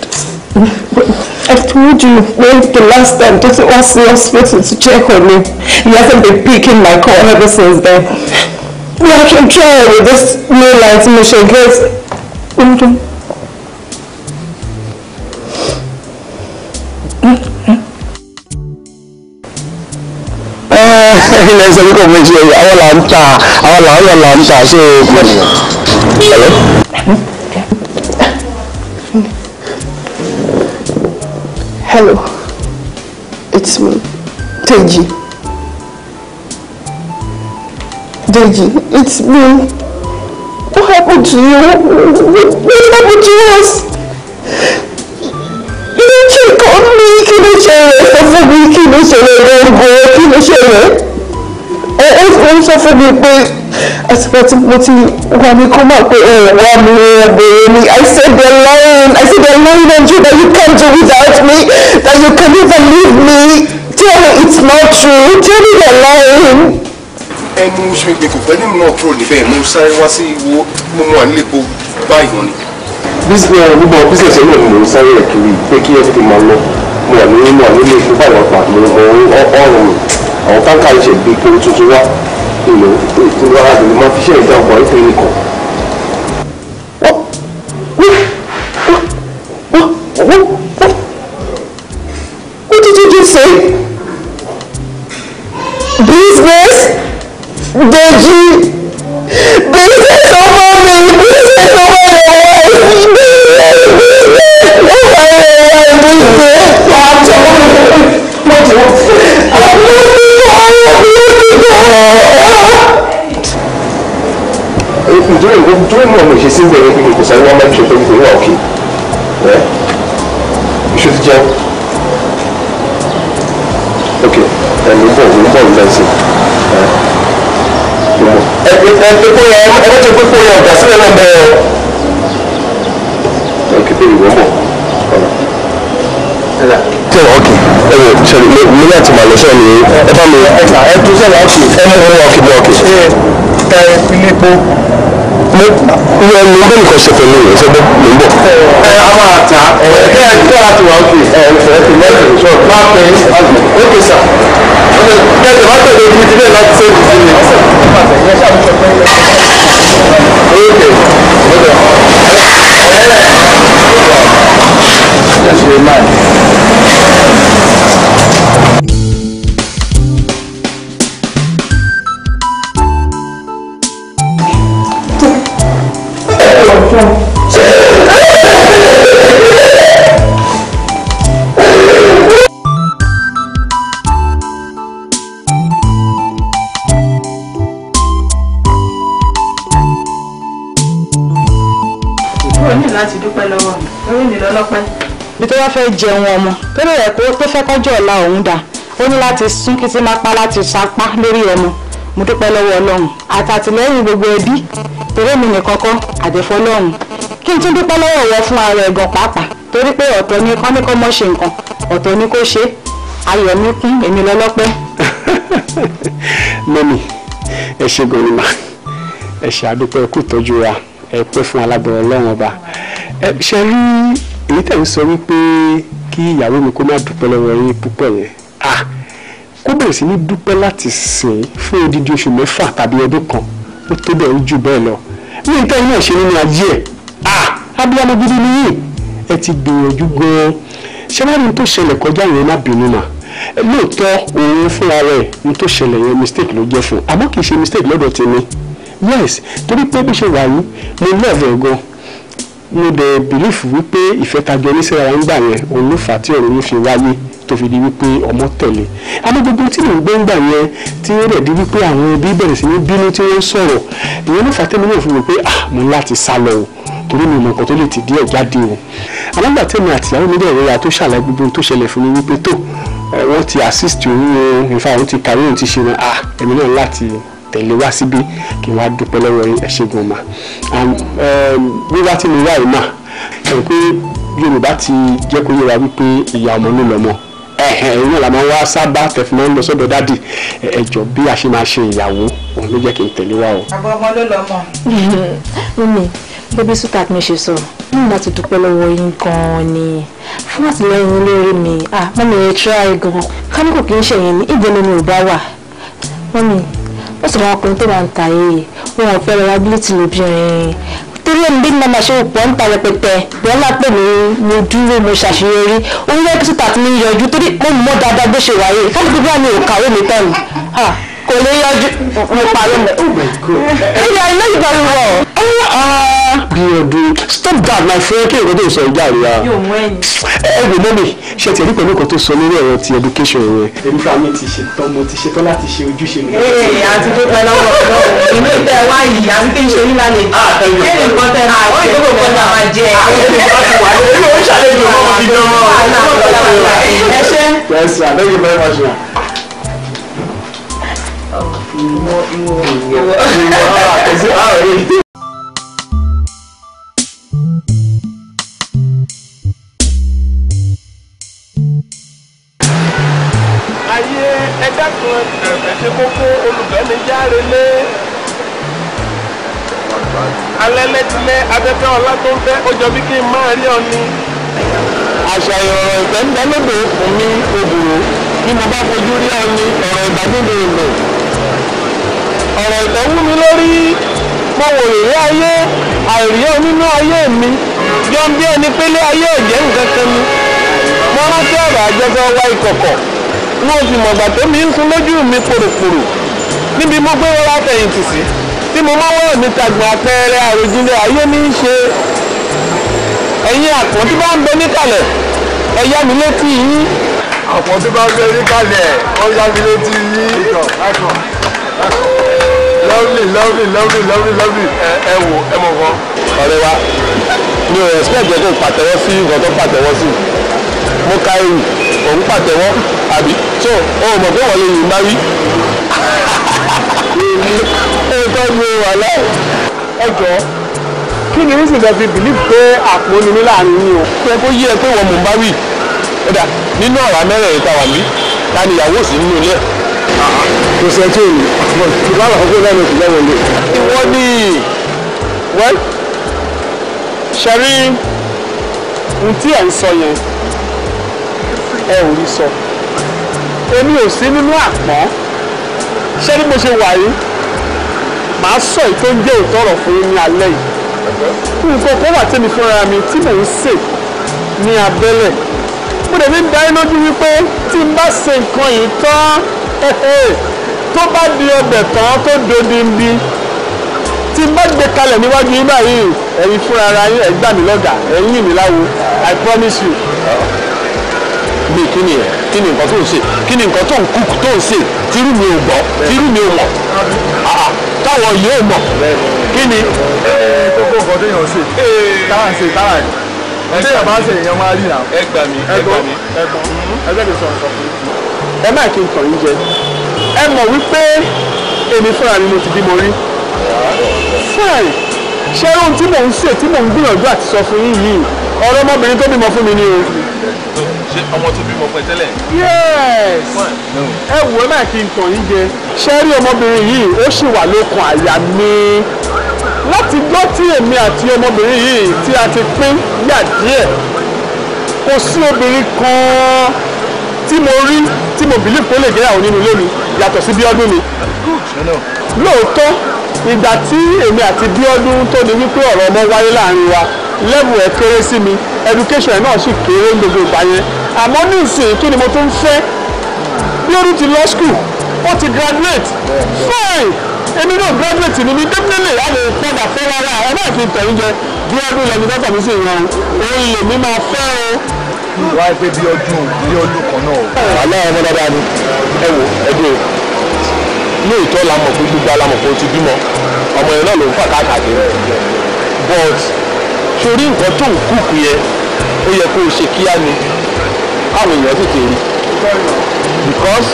I told you when the last time that was the hospital to check on me. He hasn't been picking my call ever since then. We have to try with this new light, mission. Guys, get. Mm-hmm. ilé ẹsẹ̀ kíkọ̀ fún ẹsẹ̀ àwọn là ń tà àwọn là ń yọ̀ Hello, it's me, Teji. Deji, It's me. What happened to you? What happened to us? Kí ló ṣe kọ́ mi? Kí ló ṣẹlẹ̀? Sọ fún mi kí for ṣẹlẹ̀ lọ́gbọ̀n? Kí ló ṣẹlẹ̀? Ẹ ẹ fi ń sọ fún mi pé àtìgbà tí mo ti wà I said they're lying. I said they're lying on you that you can't do without me. That you can't never leave me. Tell me it's not true. Tell me they're lying ẹ mú ṣe pé kò pẹ́ nínú náà kúrò níbẹ̀ mo sáré wá sí ìwo mo mọ ànílẹ̀ kó bá ìwọ̀n ni. gbogbo bísíǹsì náà ni mo ń sáré rẹ̀ kiri pé kí ẹ tètè máa lọ mo wà nínú mo wà nínú ikú báyìí wọn pa mo ọrùn àwọn táǹkà ìṣègbè kiri tuntun wá ìlú ìtura àgbègbè máa fi ṣe ìjà ọgbà ìpínlẹ̀ kan. Jesus. jẹun ọmọ tó lè rẹ̀ pé tó fẹ́ kọjọ́ ọ̀la òun dà ó ní láti sún kí tí máa pa láti sapá lórí ọmọ mo dúpẹ́ lọ́wọ́ ọlọ́run àtàtìlẹ́yìn gbogbo ẹbí torí mi nìkan kọ́ àdẹ̀fọ́ ọlọ́run kí n tún dúpẹ́ lọ́wọ́ wọ fún ara ẹ̀gàn pàápàá torí pé ọ̀tọ̀ ni kán ní kó mọ̀ ṣe nǹkan ọ̀tọ̀ ni kó ṣe ayọ̀ mi kún èmi lọ́lọ́pẹ́. mọ́mí ẹ ṣe gòrìmà ẹ ṣe àdúpẹ́ kú ìtọ́jú ra ẹ pẹ́ fún alábẹ̀rẹ̀ ọlọ́run ọba ṣe rí èyí tẹ̀ ń sọ wípé kí ìyàwó mi kó má dúpẹ́ lọ́wọ́ yín púpọ̀ yẹn ah kó bẹ̀rẹ̀ sí ní dúpẹ́ láti sìn fún odidi oṣù mẹ́fà tàbí ọdún kan ó tó bẹ̀rẹ̀ jù bẹ́ẹ̀ lọ ní ìtẹ́ iná ṣe nínú ayé ẹ̀ ah abiyamọ gidi ni yìí ẹ ti gbìyànjú gan-an ṣé wàá ní tó ṣẹlẹ̀ kọjá yẹn má bínú mà lóòótọ́ òun fúnra rẹ̀ ní tó ṣẹlẹ̀ yẹn mistake ló jẹ́ fún àmọ́ kì í ṣe mistake lọ́dọ̀ tèmi yes torí pé bó ṣe wà yìí mo love ẹ̀ gan-an mo dẹ̀ bìlífù wípé ìfẹ́ tajọ oníṣẹ́ra wa ń gbà yẹn òun ló fà á tí ọ̀rọ̀ mi fi wáyé tó fi di wípé ọmọ tẹ̀lé àmọ́ gbogbo tí mò ń gbé ń gbà yẹn tí ó dẹ̀ di wípé àwọn ẹbí bẹ̀rẹ̀ sí ní bínú tí wọ́n ń sọ̀rọ̀ ìyẹn ló fà á tẹ́mi náà fi wò pé ah mo láti sá lọ o torí mi mọ̀ nǹkan tó lè ti díẹ̀ jáde o alágbà tẹ́mi àtìyàwó mi dẹ̀ rọra tó ṣàlàyé gbogbo tó ṣẹlẹ̀ fún mi wípé tó wọ́n ti assist òun o ìfà òun ti kàwé òun ti ah èmi náà láti tẹ̀lé wá síbí kí n wá dúpẹ́ lọ́wọ́ yín ẹ ṣé gan ma wíwá tí mo wá yìí mà ẹ pé Yorùbá ti jẹ́ kó yẹra wípé ìyá ọmọ ló lọ́mọ ẹ̀hìn náà la máa wá sábà tẹ̀fún máa ń lọ sọ́dọ̀ dáàdì ẹ̀jọ̀ bí a ṣe máa ṣe ìyàwó òun ló jẹ́ kí n tẹ̀lé wa o. àbọ̀ ọmọ ló lọ́mọ. mímì bébí sùtà mi ṣe sọ̀rọ̀ nígbà láti dúpẹ́ lọ́wọ́ yín gan-an ni fún àtìlẹ́yìn olóore mi ah, mọ́mi ẹ̀ tíráì gan-an káníkò kì í ṣẹ̀yìn ní ìdílé mi ò bá wà mọ́mi ó sì máa kún tó máa ń ta yìí wọn ò fẹ́ rọra bíléètì lóbìnrin torí ẹni bíi mama ṣe òpó ń ta rẹpẹtẹ wọn lá pè mí mo dúró mo ṣàṣeyọrí orílẹ̀ èdè síta ti ń yọjú torí mo mọ̀ dáadáa bó ṣe wáyé káàdì gbogbo àmì ò kàwé mi tán ni kò lè yọjú mo parí mọ. ẹyà iná yìí parí wọ. gbìyànjú stop that my friend kí nǹkan tó sọ ìjà rẹ ah. ẹ wò mọ́mì ṣe ti ẹ̀rí pẹ̀lú nǹkan tó sọ lórí ẹ̀rọ ti education rẹ. èmi fún mi ti ṣetán mo ti ṣetán láti ṣe ojúṣe mi. ee àti tó pẹ́ lọ́wọ́ lọ́wọ́ ìlú ìtẹ̀ wá yìí àti kí n ṣe yín lálẹ́ ah, yìí. kí ni nǹkan tẹ àwọn ìdókòwò kan náà máa jẹ. àwọn ìdókòwò kan wà ní orí ìṣàlẹ̀ ìdókòwò fi dán mọ́. ẹ ṣe. yes sir thank you very much ìwọ ìwọ ìwọ àkọsí àárẹ̀. ayé ẹja kan àṣàyàn ọ̀rọ̀ ìfẹ́ ń bẹ lóde fún mi odò kí mo bá fojú rí ọ ni ọ̀rọ̀ ìgbàgbọ́dọ̀ ìgbà ọ̀rọ̀ ìtẹ́wú mi lórí mo wò rèé ayé àìrí onínú ayé mi jọ bí ẹni pélé ayé òjẹ́ nǹkan kan mi mo rántí ọ̀rọ̀ àjọsọ wa ìkọ̀kọ̀ wọn sì mọ̀gbà tó mi ń sun lójú mi pòròpòrò níbi mo gbé wọn látẹ̀yìntì sí tí mo mọ́wọ́ mi tàgbà àpẹẹrẹ àròjinlẹ̀ ayé ní í ṣe ẹ̀yin àpọ̀n bá ń bẹ níkàlẹ̀ ẹ mi létí yín. àpọ̀n bá ń bẹ níkàlẹ̀ ó mi létí yín lovely lovely lovely lovely lovely ẹ ẹ wò ẹ mọ̀ kan. ọ̀rẹ́ wa mi ò expect pé kò pàtẹ́wọ́ sí nǹkan tó pàtẹ́wọ́ sí mo ka ewu òun pàtẹ́wọ́ àbí so o mọ̀ pé wọ́n lè yìn bá wí. ẹ tọ́ mi wà láì. ẹ jọ̀ọ́ kí ni rísìn lọ fi bìlíf pé àpò ni mí láàrin yín o. pé kó yí ẹ pé wọn mò ń bá wí. ó dà nínú ọ̀rọ̀ amẹ́rẹ̀ẹ́ta wà mí ta ni ìyàwó sí nínú ilé ẹ̀ kò sẹ́ tí ò ní ìbára àkókò náà ló kù lẹ́wọ̀n lé. ìwọ ni wẹ́ẹ́ ṣẹ́rí ohun tí ẹ̀ ń sọ yẹn ẹ ò rí sọ èmi ò sí nínú àpọ́n ṣé ní mo ṣe wà yìí màá sọ èyí tó ń jẹ́ ìtọ́rọ̀ fún yín ní alẹ́ yìí nǹkan kan wà tẹ́mi fúnra mi tí mò ń sè ní abẹ́lẹ̀ mo dẹ̀ fi ń lójú wípé tí n bá ṣe nǹkan yìí tán tó bá di ọbẹ̀ tán tó dodi ń bí tí bá gbé kalẹ̀ níwájú yín báyìí ẹ̀yin fúnra ara yín ẹ̀gbà mi lọ́gà ẹ̀yin yìn láwo i promise you. bí kí ni kí ni nǹkan tó ń ṣe kí ni nǹkan tó ń kúkú tó ń ṣe tírú mi ò gbọ́ tírú mi ò mọ̀ ah, táwọn yìí mọ̀ kí ni. kókó eh, nǹkan tó ṣe eh. tára ṣe tára ẹ̀ ẹ̀ bá ṣe èèyàn máa rí nà. sọ̀rọ̀ sọ̀rọ̀ ẹ má kí n tàn yín jẹ ẹ mọ̀ wípé èmi fúnra mi mo ti bímọ rí fine ṣé ohun tí mò ń ṣe tí mò ń gbìyànjú àti sọ fún yín yìí ọ̀rọ̀ ọmọbìnrin tó bímọ fún mi ni o. ṣé ọmọ tó bímọ fún ẹ yes ẹ wò ẹ má kí n tàn yín jẹ ṣé rí ọmọbìnrin yìí ó sì wà lókun àyà mi láti gbọ́ tí èmi àti ọmọbìnrin yìí tí a ti pín yà díẹ̀ kò sí obìnrin kan tí mo rí tí mo bìlíf kó lè jẹ́yàwó nínú ilé mi yàtọ̀ sí Bíọ́dún ni. lóòótọ́ ìgbà tí èmi àti Bíọ́dún tó di wípé ọ̀rọ̀ ọmọ wáyé láàrin wa lẹ́bù ẹ̀ kéré sí mi education ẹ̀ náà sì kéré gbogbo ìgbà yẹn àmọ́ nísìn kí ni mo tún fẹ́ Bíọ́dún ti lọ school ó ti graduate fine èmi náà graduate ni mi definitely a lè padà fẹ́ rárá ẹ náà fi tẹ̀yìn jẹ Bíọ́dún lẹ́ni dọ́tà mi sì ràn òun lèmi máa fẹ́ o wá pé bí ọdún bí ọdún kan náà. àlọ́ ọmọ dáadáa ni ẹ wò ẹ dé o ní ìtọ́ la mọ̀ pé gbogbo alamọ̀ pé o ti bímọ ọmọ yẹn náà ló ń fà káàkiri but torí nǹkan tó ń kúkú yẹn ó yẹ kó o ṣe kíá ni káwọn èèyàn tètè rí because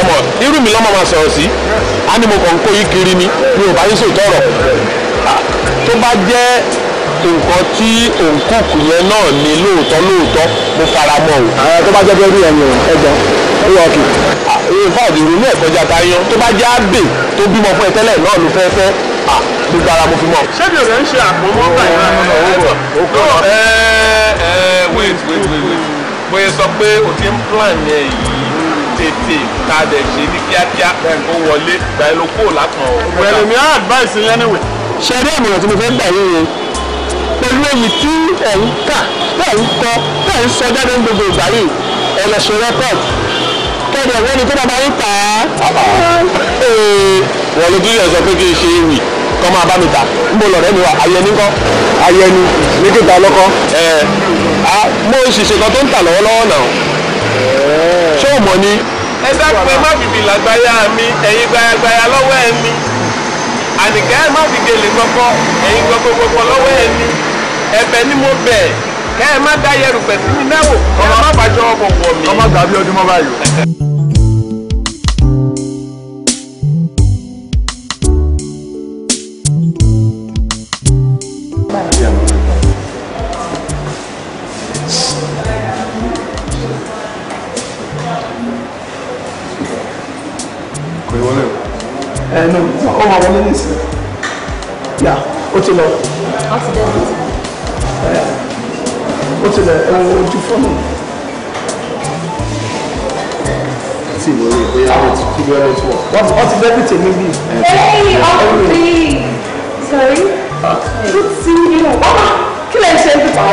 ọmọ irú mi lọ́mọ máa sọ̀rọ̀ sí á ní mo kàn ń kó yí kiri ni mi ò bá yín sòótọ́ ọ̀rọ̀ ah, tó bá jẹ́ nǹkan tí òǹkùkù yẹn náà ní lóòótọ́ lóòótọ́ mo fara mọ́ o. àwọn tó bá jẹ́ bẹ́ẹ̀ bí ẹ̀yìn o ẹ̀jọ̀ ó yọ ọ̀kì. ìfọ̀dì ìrònú ẹ̀kọ́jà ta yan tó bá jẹ́ àgbè tó bímọ fún ẹ tẹ́lẹ̀ náà ló fẹ́ fẹ́ gbogbo ara mo fi mọ. ṣé mi ò lè ń ṣe àpòmọ́ báyìí náà? ẹ ẹ wait wait wait bóyá sọ pé o ti ń plan yẹn yìí tètè ká dẹ̀ ṣe ní kíákíá kó wọlé gbà ẹ ló kó o látàn. pẹ̀lú mi á advice yẹn anyway. ṣe eré ìmọ̀ràn tí mo fẹ́ gbà yín yẹn pẹ̀lú èyí tí ẹ̀ ń kà tẹ̀ ń kọ tẹ̀ ń sọ jáde ní gbogbo ìgbà yìí ẹ̀ lọ ṣe rẹ́kọ̀d kẹ́ni ọ̀gbẹ́ ni tó bá máa ń tà á. wọ́n ló tún yẹ pé kí n ṣe ewì kọ́ máa bá mi tà ń bọ̀ lọ́rẹ́ mi wá ayẹni kọ́ ayẹni ní lọ́kọ́. mo ṣìṣe kan tó ń tà lọ́wọ́lọ́wọ́ náà ṣé ò mọ̀ ni. ẹ dákun ẹ má fìbì lágbáyà mi ẹ̀yin gbayagbaya lọ́wọ́ ẹ̀ mi àdìgẹ́ má fìgèlè gbọ́kọ́ ẹ̀yin gbọ́kọ́ lọ́wọ́ ẹ̀ mi ẹ̀bẹ̀ ni mo bẹ̀ kẹ́ ẹ má dá yẹrù pẹ̀sí mi náà wò kẹ́ ẹ má bàjọ́ ọkọ̀ wọ̀ mí. ọmọ tàbí ọdún mọ́ báyìí lẹ́kùn tèmi bí. Hey, ọkùnrin! Sorry. Ah. Good to see you. Mama, kí lẹ ń ṣe ń bá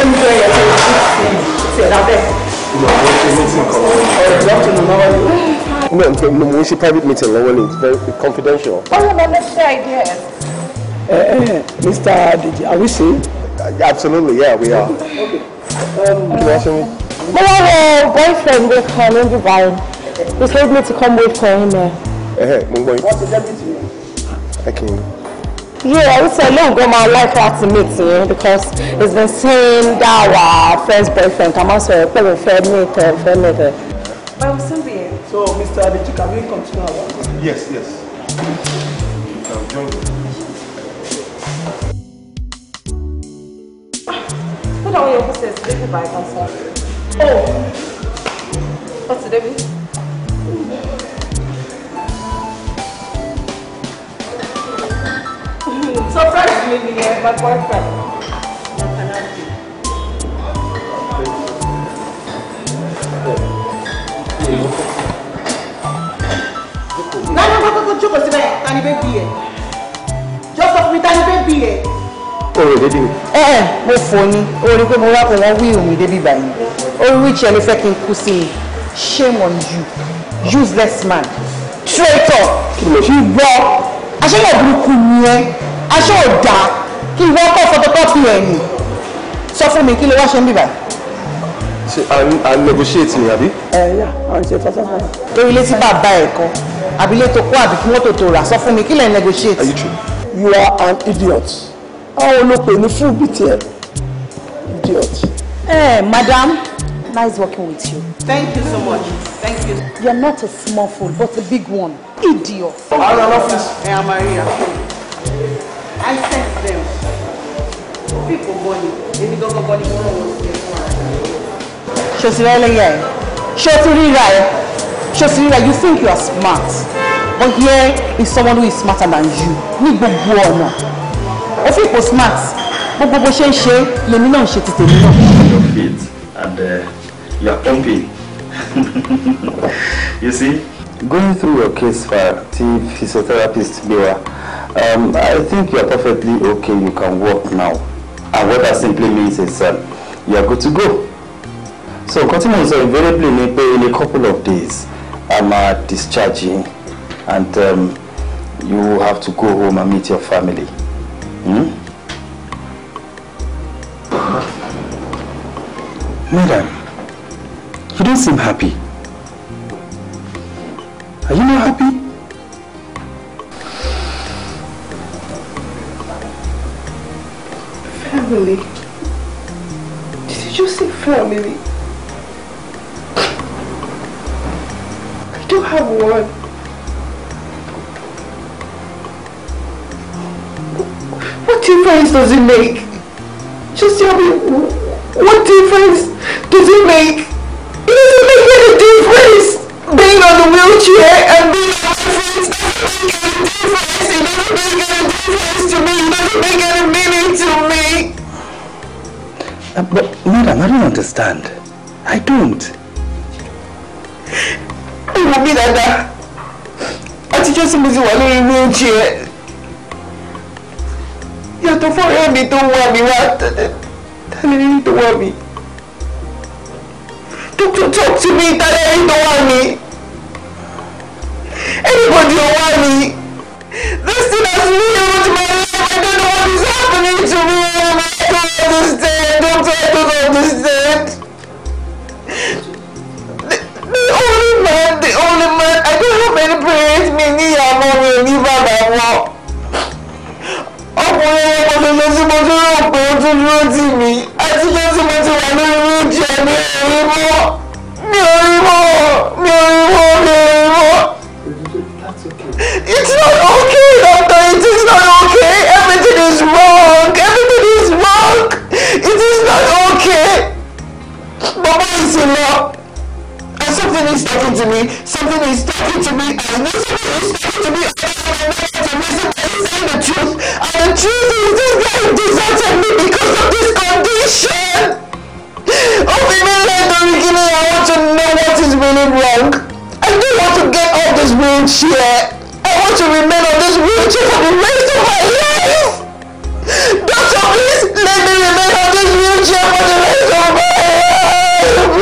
ẹni tó yẹ kí o you ti ẹ̀ no, Ìgbà wo ṣe ní ti kọ́ private meeting lọ́wọ́ it's very confidential. Báwo lọ lọ sí idea ẹ? Ẹ ẹ Mr. Adiji, are we safe? Absolutely, yeah, we are. Kí ló ṣe mí? Mo My wọ boyfriend wey kan ní Dubai. He told me to come wait for him there ẹ̀hẹ̀ mo gbọ́ yín. wọ́n ti dẹ́bìtì mi. ẹ kì í. Yeah, I would say no go my life out to meet you because it's been same that our first boyfriend I'm also a friend friend meet her friend meet her. But I'm still here. So Mr. Adechi, can we continue our work? Yes, yes. You can join me. Put on your process, David by concern. Oh. What's the David? surprise mi nìyẹn my boyfriend. lánàá kókó jókòó síbẹ̀ tani bẹ́ẹ̀ bí ẹ̀ jọ sọ fún mi tani bẹ́ẹ̀ bí ẹ̀. orí ò débi mi. ẹ ẹ mo fọ ni orí pé mo wá pé wọn wí òun débi báyìí orí ìṣẹ́ ló fẹ́ kí n kú sí mi shame on you useless man traitor ṣùgbọ́n aṣẹ́yẹ̀ burúkú ni ẹ́ aṣọ ò dáa kí ìwọ kọ́ photocopy ẹ̀ nì sọ fún mi kí ló wá ṣe ń bìbà. ṣe à ń negotiate ni àbí. ẹ yà à ń ṣe fọfọfọ. lórí ilé tí bàbá ẹ̀ kọ́ àbí ilé tó kó àbí kí mọ́tò tó rà sọ fún mi kí lẹ̀ negotiate. are you true. you are an idiot. àwọn olóòpè ní fún ibi tiẹ̀ idiot. ẹ madam nice working with you. thank you so much. thank you. you are not a small fool but a big one. idiot. ara lọ́fíìsì. ẹ amaria. I sent them. People bọ́ni, èmi gangan bọ́ni mo rán wọn sílẹ̀ fún ara rẹ̀. Ṣòsì rẹ̀ lẹ́yìn ẹ̀. Ṣòsì you think you are smart. But here is someone who is smarter than you. Ní gbogbo ọ̀nà. O fi ipò smart. Gbogbo bó ṣe ń Let me know. ń ṣe ti tèmi Your feet and uh, you are pumping. you see? Going through your case file, tí physiotherapist gbé Um, I think you are perfectly okay. You can walk now. And what that simply means is that you are good to go. So continue. So invariably, maybe in a couple of days, I'm uh, discharging, and um, you have to go home and meet your family. Hmm? Madam, you don't seem happy. Are you not happy? Family? Did you just say family? I don't have one. What difference does it make? Just tell me, what difference does it make? It doesn't make any difference being on the wheelchair and being on the doesn't make any difference. It doesn't make any difference to me. It doesn't make any meaning to me. Uh, but, madam, I don't understand. I don't. Ìwọ mi dada, àtijọ́ tí mo ti wà lórí ilé You ẹ̀. Yàtọ̀ fọ́rẹ́ mi tó wá mi wá tẹ́lẹ̀ tó worry. Don't Doctor, talk to me, tẹ́lẹ̀ tó wá mi. Anybody don't wá mi. This thing has ruined my life. I don't know what is happening to me understand. Doctor, I don't understand. The, the only man, the only man, I don't have any parents, me ní ìyá ọmọ mi ní bàbá wọn. Ọkùnrin ọmọ mi lọ sí mo tó rò pé ó tún dúró tì mí. Àti lọ sí mo ti wà lórí wíjẹ mi ò rí mọ́. Mi ò rí mọ́, mi ò rí mọ́, mi ò rí mọ́. It's not okay, doctor, it is not okay. Everything is wrong. okay. Mama is in love. And something is talking to me. Something is talking to me. And something is talking to me. I am not know reason I the truth. And the truth is this guy deserted me because of this condition. Oh, women like the beginning, I want to know what is really wrong. I don't want to get off this wheelchair. I want to remain on this wheelchair for the rest of my life. Doctor, please let me remain on this wheelchair for the rest of my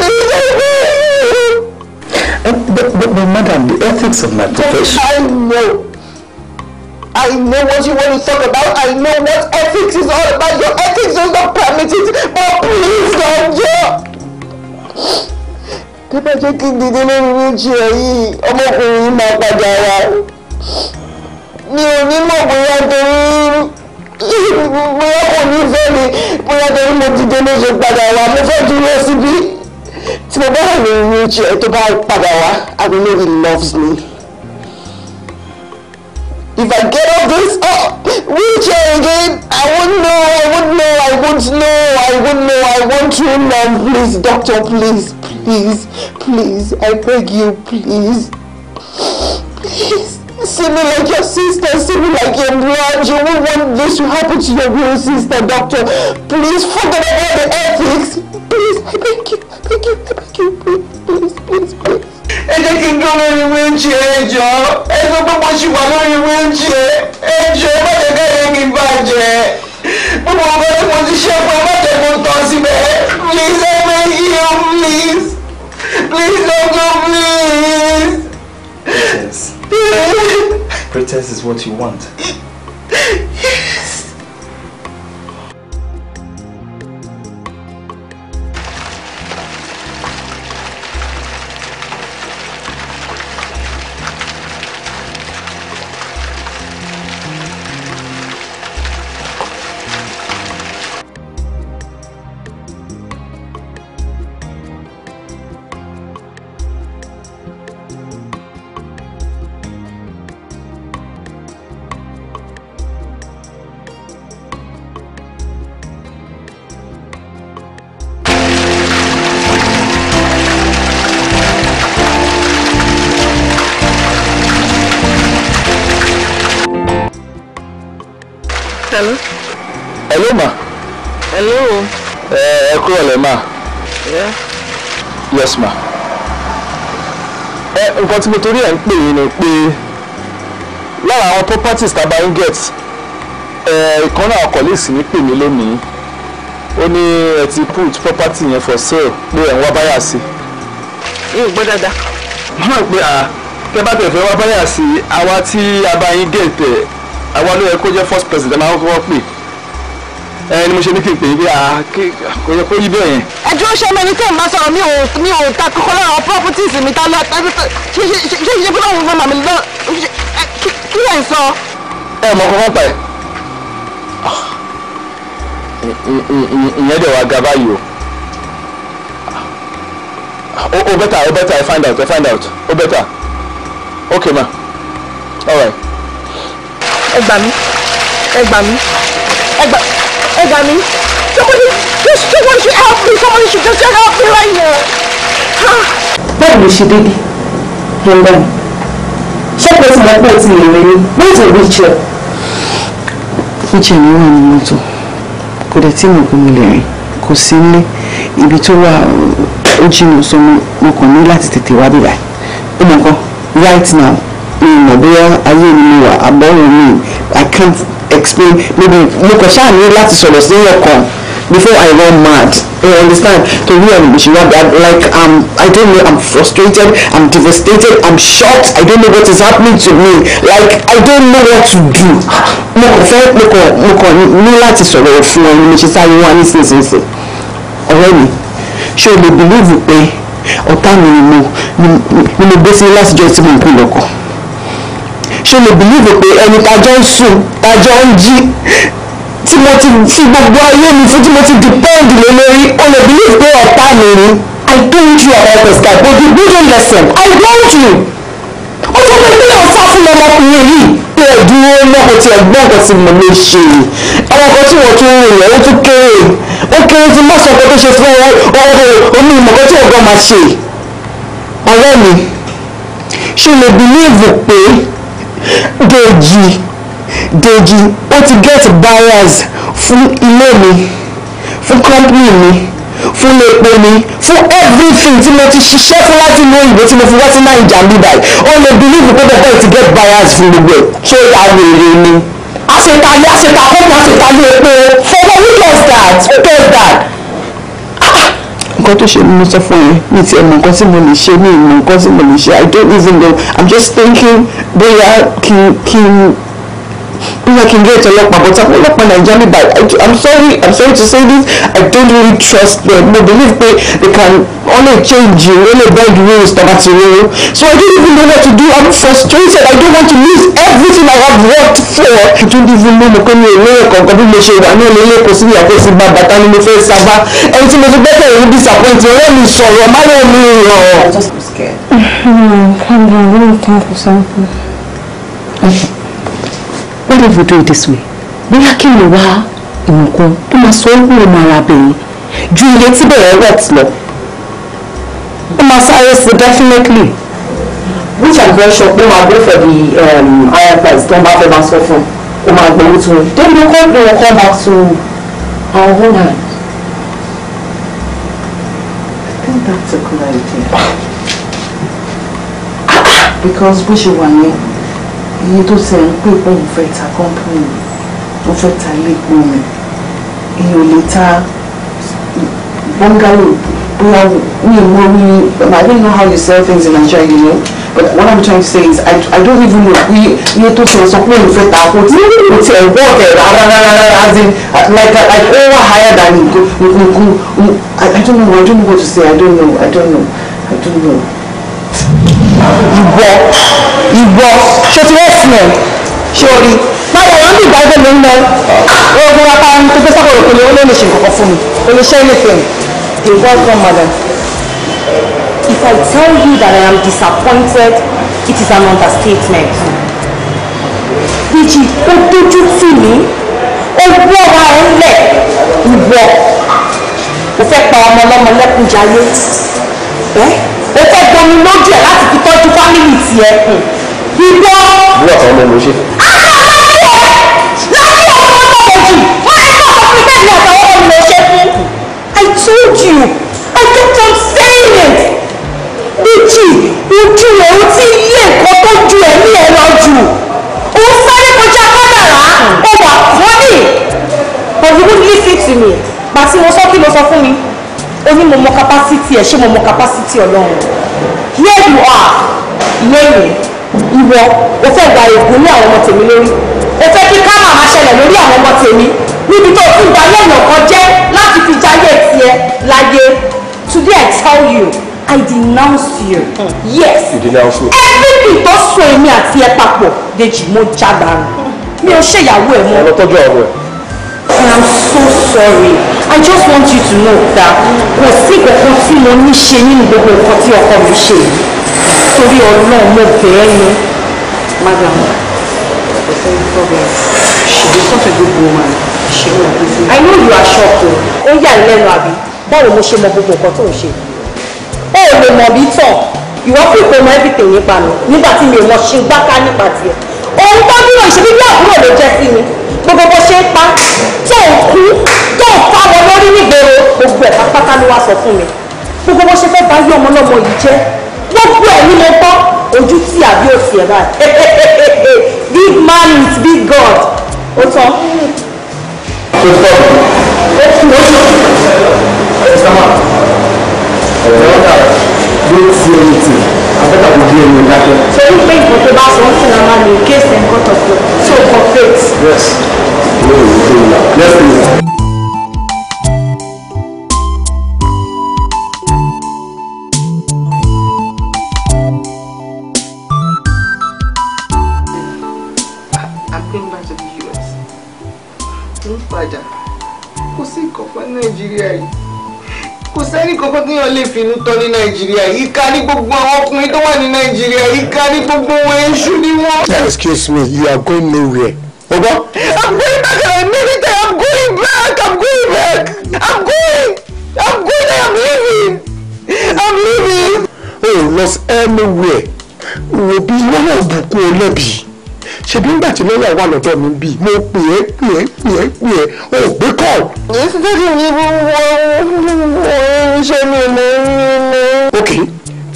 life. But, but, but, madam, the ethics of my profession. I know. I know what you want to talk about. I know what ethics is all about. Your ethics does not permit it. But please, Doctor. tó bá jẹ́ kí n dìde lórí wheelchair yìí ọmọkùnrin máa padà wá mi ò ní mọ̀ bóyá torí bóyá kò ní fẹ́ mi bóyá torí mo dìde ló ṣe padà wá mo fẹ́ dúró síbí tí mo bá wà ní ìrìnàjò ẹ tó bá padà wá I know he loves me. If I get off this oh, wheelchair again, I won't know, I won't know, I won't know, I won't know, I want you now, please, doctor, please, please, please, I beg you, please see me like your sister, see me like your blood. You won't want this to happen to your real sister, doctor. Please forget about the ethics. Please, I beg you, I beg you, I beg you, please, please, please, please. Ẹ jẹ́ kí n dún lórí wíńchì ẹjọ́. Ẹ sọ pé mo ṣì wà lórí wíńchì ẹjọ́. Má jẹ́ kẹ́yìn mi bàjẹ́. Gbogbo ọgbẹ́ tí mo ti ṣe fún ẹ má jẹ́ síbẹ̀. Please, I beg you, please. Please, doctor, please. Yes. Pretense is what you want. Yes. yes ma ẹ nǹkan tí mo torí ẹ̀ ń pè yín ni pé lára àwọn properties tàbá ń get ìkan náà colleagues mi pè mí lónìí ó ní ẹ ti put property yẹn for sale pé ẹ̀ ń wá báyà sí. yóò gbọ́ dáadáa. mọ̀ pé à tẹ́ bá tẹ̀ fẹ́ wá báyà sí àwa tí a bá yín get ẹ̀ àwa ló yẹ kó jẹ́ first president máa ń kọ́kọ́ pè ẹ ni mo ṣe ní kí n pè é bí a kò yẹ kó rí bẹ́ẹ̀ yẹn. ẹ dúró ṣe mẹ́ni tẹ́ ẹ̀ máa sọ̀rọ̀ mi ò mi ò ta kọ́kọ́ lọ́wọ́ properties mi ta lọ ṣe ṣe ṣe ṣe fúnra òun màmá mi lọ kí lẹ̀ ń sọ. ẹ mọ kọ́kọ́ pa ẹ̀ ìyẹn dẹ̀ wá ga báyìí o o bẹ́tà o bẹ́tà ẹ find out ẹ find out o bẹ́tà ok ma all right. ẹ gbà mí ẹ gbà mí. Egami, somebody, just someone should help me. Somebody should just help me right now. Bẹ́ẹ̀ ló ṣe dédé, Yemba. Ṣé pé ti lọ́pọ̀ ti lè rẹ ni? Where's your wheelchair? Wheelchair mi wà ní mọ́tò. Kò dẹ̀ tí mo kún mi lè rìn. Kò sí nílé. Ibi tó wà ó jìnnà so mo kàn ní láti tètè wá bíbá. Ó mọ̀ nǹkan right now. Mi ò mọ̀ bóyá ayé mi wà àbọ̀rọ̀ mi. I can't explain maybe mo kàn ṣáà ní láti sọ̀rọ̀ sí ọkàn before I run mad you understand torí ẹ̀ ṣì wá bad like um, I don't know I'm frustrated I'm devastated I'm shocked I don't know what is happening to me like I don't know what to do mo kàn fẹ́ mo kàn mo kàn ní láti sọ̀rọ̀ fún ọ ní mo ṣe sáré wá nísinsìnyí ọ̀rẹ́ mi ṣé o lè bìlíìfù pé ọ̀tá mi ni mo ni mo gbé sí lásìjọ́ tí mo ń pè ṣe lè bìlíìfù pé ẹni tajọ́ ń sùn tajọ́ ń jí tí mo ti fi gbogbo ayé mi fún tí mo ti depend lé lórí o lè bìlíìfù pé ọ̀tá mi ni I told you about this guy but you didn't listen I warned you ó sọ pé pé ọ̀sá fún ọmọkùnrin yìí pé ẹ̀dúró náà ti ẹ̀gbọ́n nǹkan tí mo lè ṣe ọmọkùnrin tí wọ́n tún rìn rẹ̀ ó tún kéré ó kéré tí má sọ pé tó ṣe fún omi ìmọ̀kọ́ tí ọ̀gbọ́n máa ṣe ọ̀rẹ́ mi ṣe lè bìlíìfù pé. Deji Deji ó ti get buyers fún ilé mi fún company mi fún epo mi fún everything tí mo ti ṣiṣẹ́ fún láti inú òyìnbó tí mo fi wá sí naija ní báyìí ó lè believe pé bẹ́ẹ̀ bẹ́ẹ̀ ti get buyers fún gbogbo ẹ̀ ṣé ìyá wèrè ni. àṣetàlẹ́ àṣetàkùn àṣetàlẹ́ epo for who does that who does that. tó ṣe mo sọ fún mi ti ìmọ̀ nǹkan tí mo le se mi ṣe i don't even know i'm just thinking bóyá kí kí. bóyá kí n gé ètò ọlọ́pàá but àwọn ọlọ́pàá naija mi by i'm sorry i'm sorry to say this i don't really trust them no believe pé they can only change you only bend rules tàbá ti rúru so i don't even know what to do i'm frustrated i don't want to lose everything i have worked for. i don't even know mo pé mi ò lóye kankan bí mo ṣe wà náà lélẹ̀ kò sí ìyá tó sì bá bàtà ni mo fẹ́ sábà ẹni tí mo ti gbẹ́sẹ̀ yìí disappoint ọ̀rẹ́ mi sọ̀rọ̀ má lè mi rọ̀. i just be scared even if do it this way bóyá kí ni wá ìmọ̀kan tó máa sọ ọ́ ọmọ arábìnrin ju ilé tí bẹ̀rẹ̀ rẹ̀ ti lọ ó máa sáré sí definitely which i'm very sure pé máa gbé for the um, higher price tó ń bá fẹ́ máa sọ fún ó máa gbé owó tó ń then we come we will come back to our own hand i think that's a good idea because bó ṣe wà yẹn iye tó ṣe ń pè pé òun fẹ́ ta company mi ó fẹ́ ta ilé epo mi èèyàn lè ta bungalow bóyá mi mo mi I don't know how you sell things in Nigeria you know but what I'm trying to say is I, I don't even know iye tó ṣe sọ pé òun fẹ́ ta kò tí kò tí ẹ̀ wọ́ ẹ̀ rárá rárá as in like like over higher than nku nku I don't know I don't know what to say I don't know I don't know I don't know ìwọ ìwọ ṣé ti wọ́n fún ẹ ṣé o rí báyọ̀ wọn bí ìgbà ẹgbẹ́ mi ń lọ oògùn apá tó gbé sábà òkèlè ó lè lè ṣe nǹkan fún mi ó lè ṣe anything a welcome madam if i tell you that i am disappointed it is an understatement bíjì ó dójú tì mí ó wọ́ ara ẹ̀ lẹ̀ ìwọ ò fẹ́ pa ọmọ ọlọ́mọ lẹ́kùnjayé ẹ́. Eh? o fẹ́ gbomi lójú ẹ̀ láti fi tọ́jú fámìlì tiẹ̀ ìwọ. bí ọ̀sán ló ló ṣe. I told you, I kept on saying it. Bíjì, ojú rẹ̀ ó ti ilé nǹkan tó ju ẹ̀mí ẹ̀ lọ jù. Ó sáré kọjá kádàrá, ó wà fọ́nì. But you won't listen to me. Màtí mo sọ kí lo sọ fún mi ó ní mo mọ capacity ẹ̀ ṣé mo mọ capacity ọlọ́run here you are lónìí ìwọ o fẹ́ gba ègún ní àwọn ọmọ tèmi lórí o fẹ́ kí kámà máa ṣẹlẹ̀ lórí àwọn ọmọ tèmi níbi tó o ti gba lẹ́yìn ọ̀kan jẹ́ láti fi jayé tiẹ̀ láyé today I tell you I denounce you yes you denounce me everything tó so èmi àti ẹ papọ̀ Dèjì mo jágbára mi ò ṣèyàwó ẹ mọ́. ọlọ́tọ́jú ọ̀rọ̀ I am so sorry i just want you to know that kò sí kankan tí mo ní ṣe nínú gbogbo nǹkan tí ọkọ mi ṣe yìí torí ọlọ́run mo bẹ̀ẹ́ ni. madam there's no problem she be such a good woman she no be i know you are shocked o ó yà ní lẹ́nu àbí báwo mo ṣe mọ gbogbo nǹkan tó ń ṣe ó lè mọ̀ bí tàn ìwọ fi ìpè mọ everything nípa mi nígbà tí mi ò mọ ṣe gbáka nípa tiẹ̀ òun tó dúró ìṣèlú bí àbúrò ló jẹ́ sí mi gbogbo bó ṣe ń pa tó ń kú tó ń fa wọn lórí nígboro gbogbo ẹ̀ pátápátá ló wá sọ fún mi gbogbo bó ṣe fẹ́ bá yí ọmọ yìí jẹ́ gbogbo ẹ̀ ní mo gbọ́ ojú tí àbí òsì ẹ̀ báyìí big man is big god ó tán. ó tọ́ ó tún ó tún ẹ̀ sábà ẹ̀rọ dà ló ti omi tì àṣẹ́ta kò di èmi dákẹ́. torí pé nǹkan tó bá in ń sìn náà lè gé ìsìn nǹkan tọ̀tọ̀ tó corporate. yes. No, no, no. Let's do pé lè finú tán ní nàìjíríà ìka ní gbogbo àwọn ọkùnrin tó wà ní nàìjíríà ìka ní gbogbo wọn èṣù ni wọn. excuse me you are going nowhere. o gbọ́. i'm going back and i mean i'm going back i'm going back i'm going i'm going i'm leaving i'm leaving. o oh, lọ anywhere wo bí wọn náà bùkún ọ lẹ́bi ṣebí ńgbà tí lọ́yà wà lọ́dọ̀ mi bí mo pè é pè é pè é pè é ò gbé kọ́. ìsítẹ́kì mi wọ ṣe mi lè rí i. ok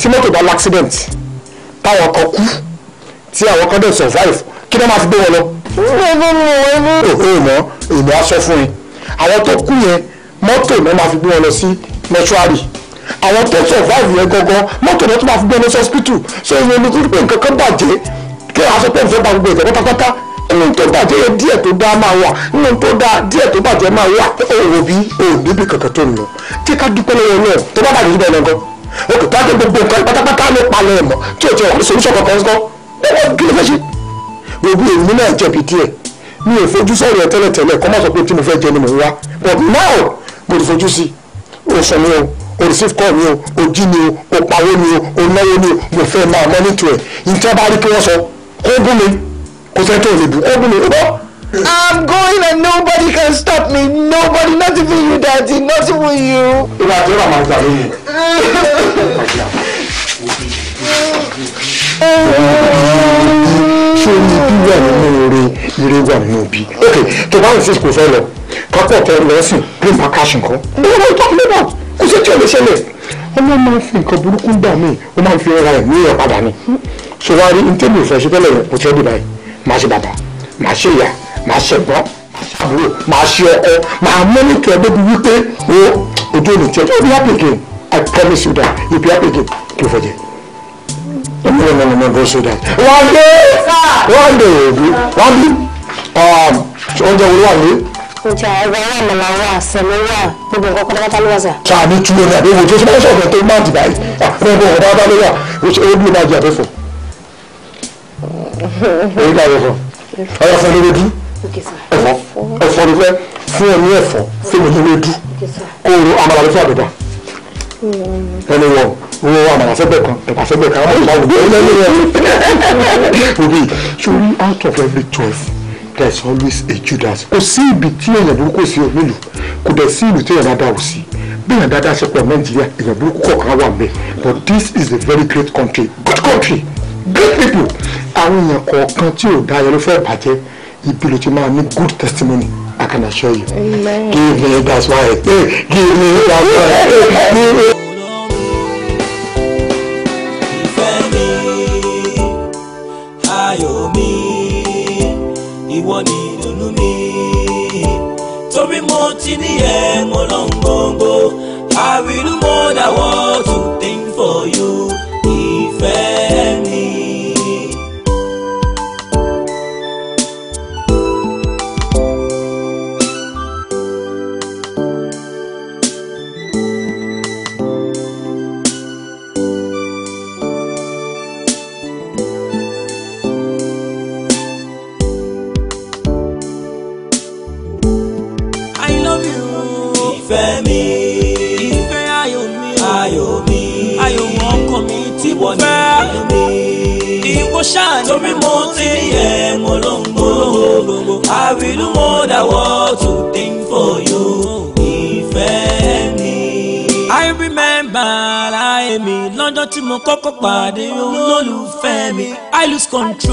tí mọ́tò bá l'accident táwọn kan kú tí àwọn kan dẹ̀ survive kí ló máa fi gbé wọn lọ. ìgbàgbọ́ mi ò wọ́n ní. òhun ìmọ̀ ìmọ̀ aṣọ fún yín àwọn tó kú yẹn mọ́tò náà máa fi gbé wọn lọ sí mọ́ṣúárì àwọn tó survive yẹn gangan mọ́tò náà tó máa fi gbé wọn lọ sí hospital so ìyẹn olùkúrúpẹ̀ nǹkan kan bàjẹ́ kí a sọ pé òun fẹ́ bá gbogbo pátápátá nínú tó bàjẹ́ díẹ̀ tó dáa máa wà nínú tó dáa díẹ̀ tó bàjẹ́ máa wà òwò bí òbíbi kankan tó nù jẹ́ ká dúpẹ́ lọ́wọ́ náà tó bá bàjẹ́ bẹ́ẹ̀ lọ́gọ́ òkè tó àjẹ́ gbogbo nǹkan pátápátá ló palẹ̀ ẹ̀mọ́ tí ò ti wà ní solution kankan sọ́ bẹ́ẹ̀ kí ló fẹ́ ṣe gbogbo èmi náà jẹ̀bi díẹ̀ mi ò fojú sọ̀rọ̀ tẹ́lẹ̀tẹ́lẹ̀ kọ́ má sọ pé tí mo kó bú mi kó fẹ́ tó lè bú kó bú mi I'm going and nobody can stop me. Nobody, not even you, Daddy, not even you. Ìwà àti ìwà máa gbà lóyún. Ṣé ibi wà nínú oore, ire wà nínú ibi? Ok, tó bá ń fi kò fẹ́ lọ, kápọ̀ tẹ lọ sí green package nǹkan. Bẹ́ẹ̀ ni wọ́n tọ́ mi náà, kò sí tí o lè ṣẹlẹ̀. Ọlọ́run máa ń fi nǹkan burúkú gbà mí, ó máa ń fi ra ẹ̀mí ẹ̀ padà ni so wá rí ntẹ́mi ìfẹ́ ṣẹ́tẹ́lẹ̀ yẹn kò tẹ́ dì báyìí màá ṣe bàbá màá ṣe ìyá màá ṣẹ̀gbọ́n àbúrò màá ṣe ọkọ màá mọ́nìkì ẹ̀dẹ́bi wípé o ojú òní tiẹ̀ yóò bí happy again I promise you that you be happy again kí o fẹ́ jẹ. no no no no no go so that one day one day obi one day oúnjẹ wo ló wà ní. oúnjẹ ẹ̀rọ ẹ̀rọ ẹ̀mọ̀lá wà sẹ̀mí wà gbogbo nǹkan kan dáadáa ló wà sà. sáà ní túwọ́ ní àbẹ̀wò tó ṣe máa ń sọ̀rọ̀ tó máa dì báyìí àbẹ̀wò ọ̀dọ́ èyí ká ẹ̀fọ́ ẹ̀fọ́ ló lè dú ẹ̀fọ́ ẹ̀fọ́ ló fẹ́ fún ẹ ní ẹ̀fọ́ fún mi ló lè kó o ro àmàlà ló fẹ́ ẹni wọ owó àmàlà sẹ́gbẹ̀ kan ẹ̀bà sẹ́gbẹ̀ kan ọmọ ìlú ọ̀hún òbí sórí out of every twelve, there is always a Judas kò sí ibi tí èèyàn burúkú sí òun nílùú kò dẹ̀ sí ìlú tí èèyàn dáadáa ò sí being a dada shepherd Nigeria is a book cook our way. But this is a very great country, good country good people àwọn èèyàn kọ̀ọ̀kan tí ò dáyọ ló fẹ́ bàjẹ́ ibi ló ti máa ní good testimony I can assure you give me that's why I eh, pay give me that's why eh, I pay. control.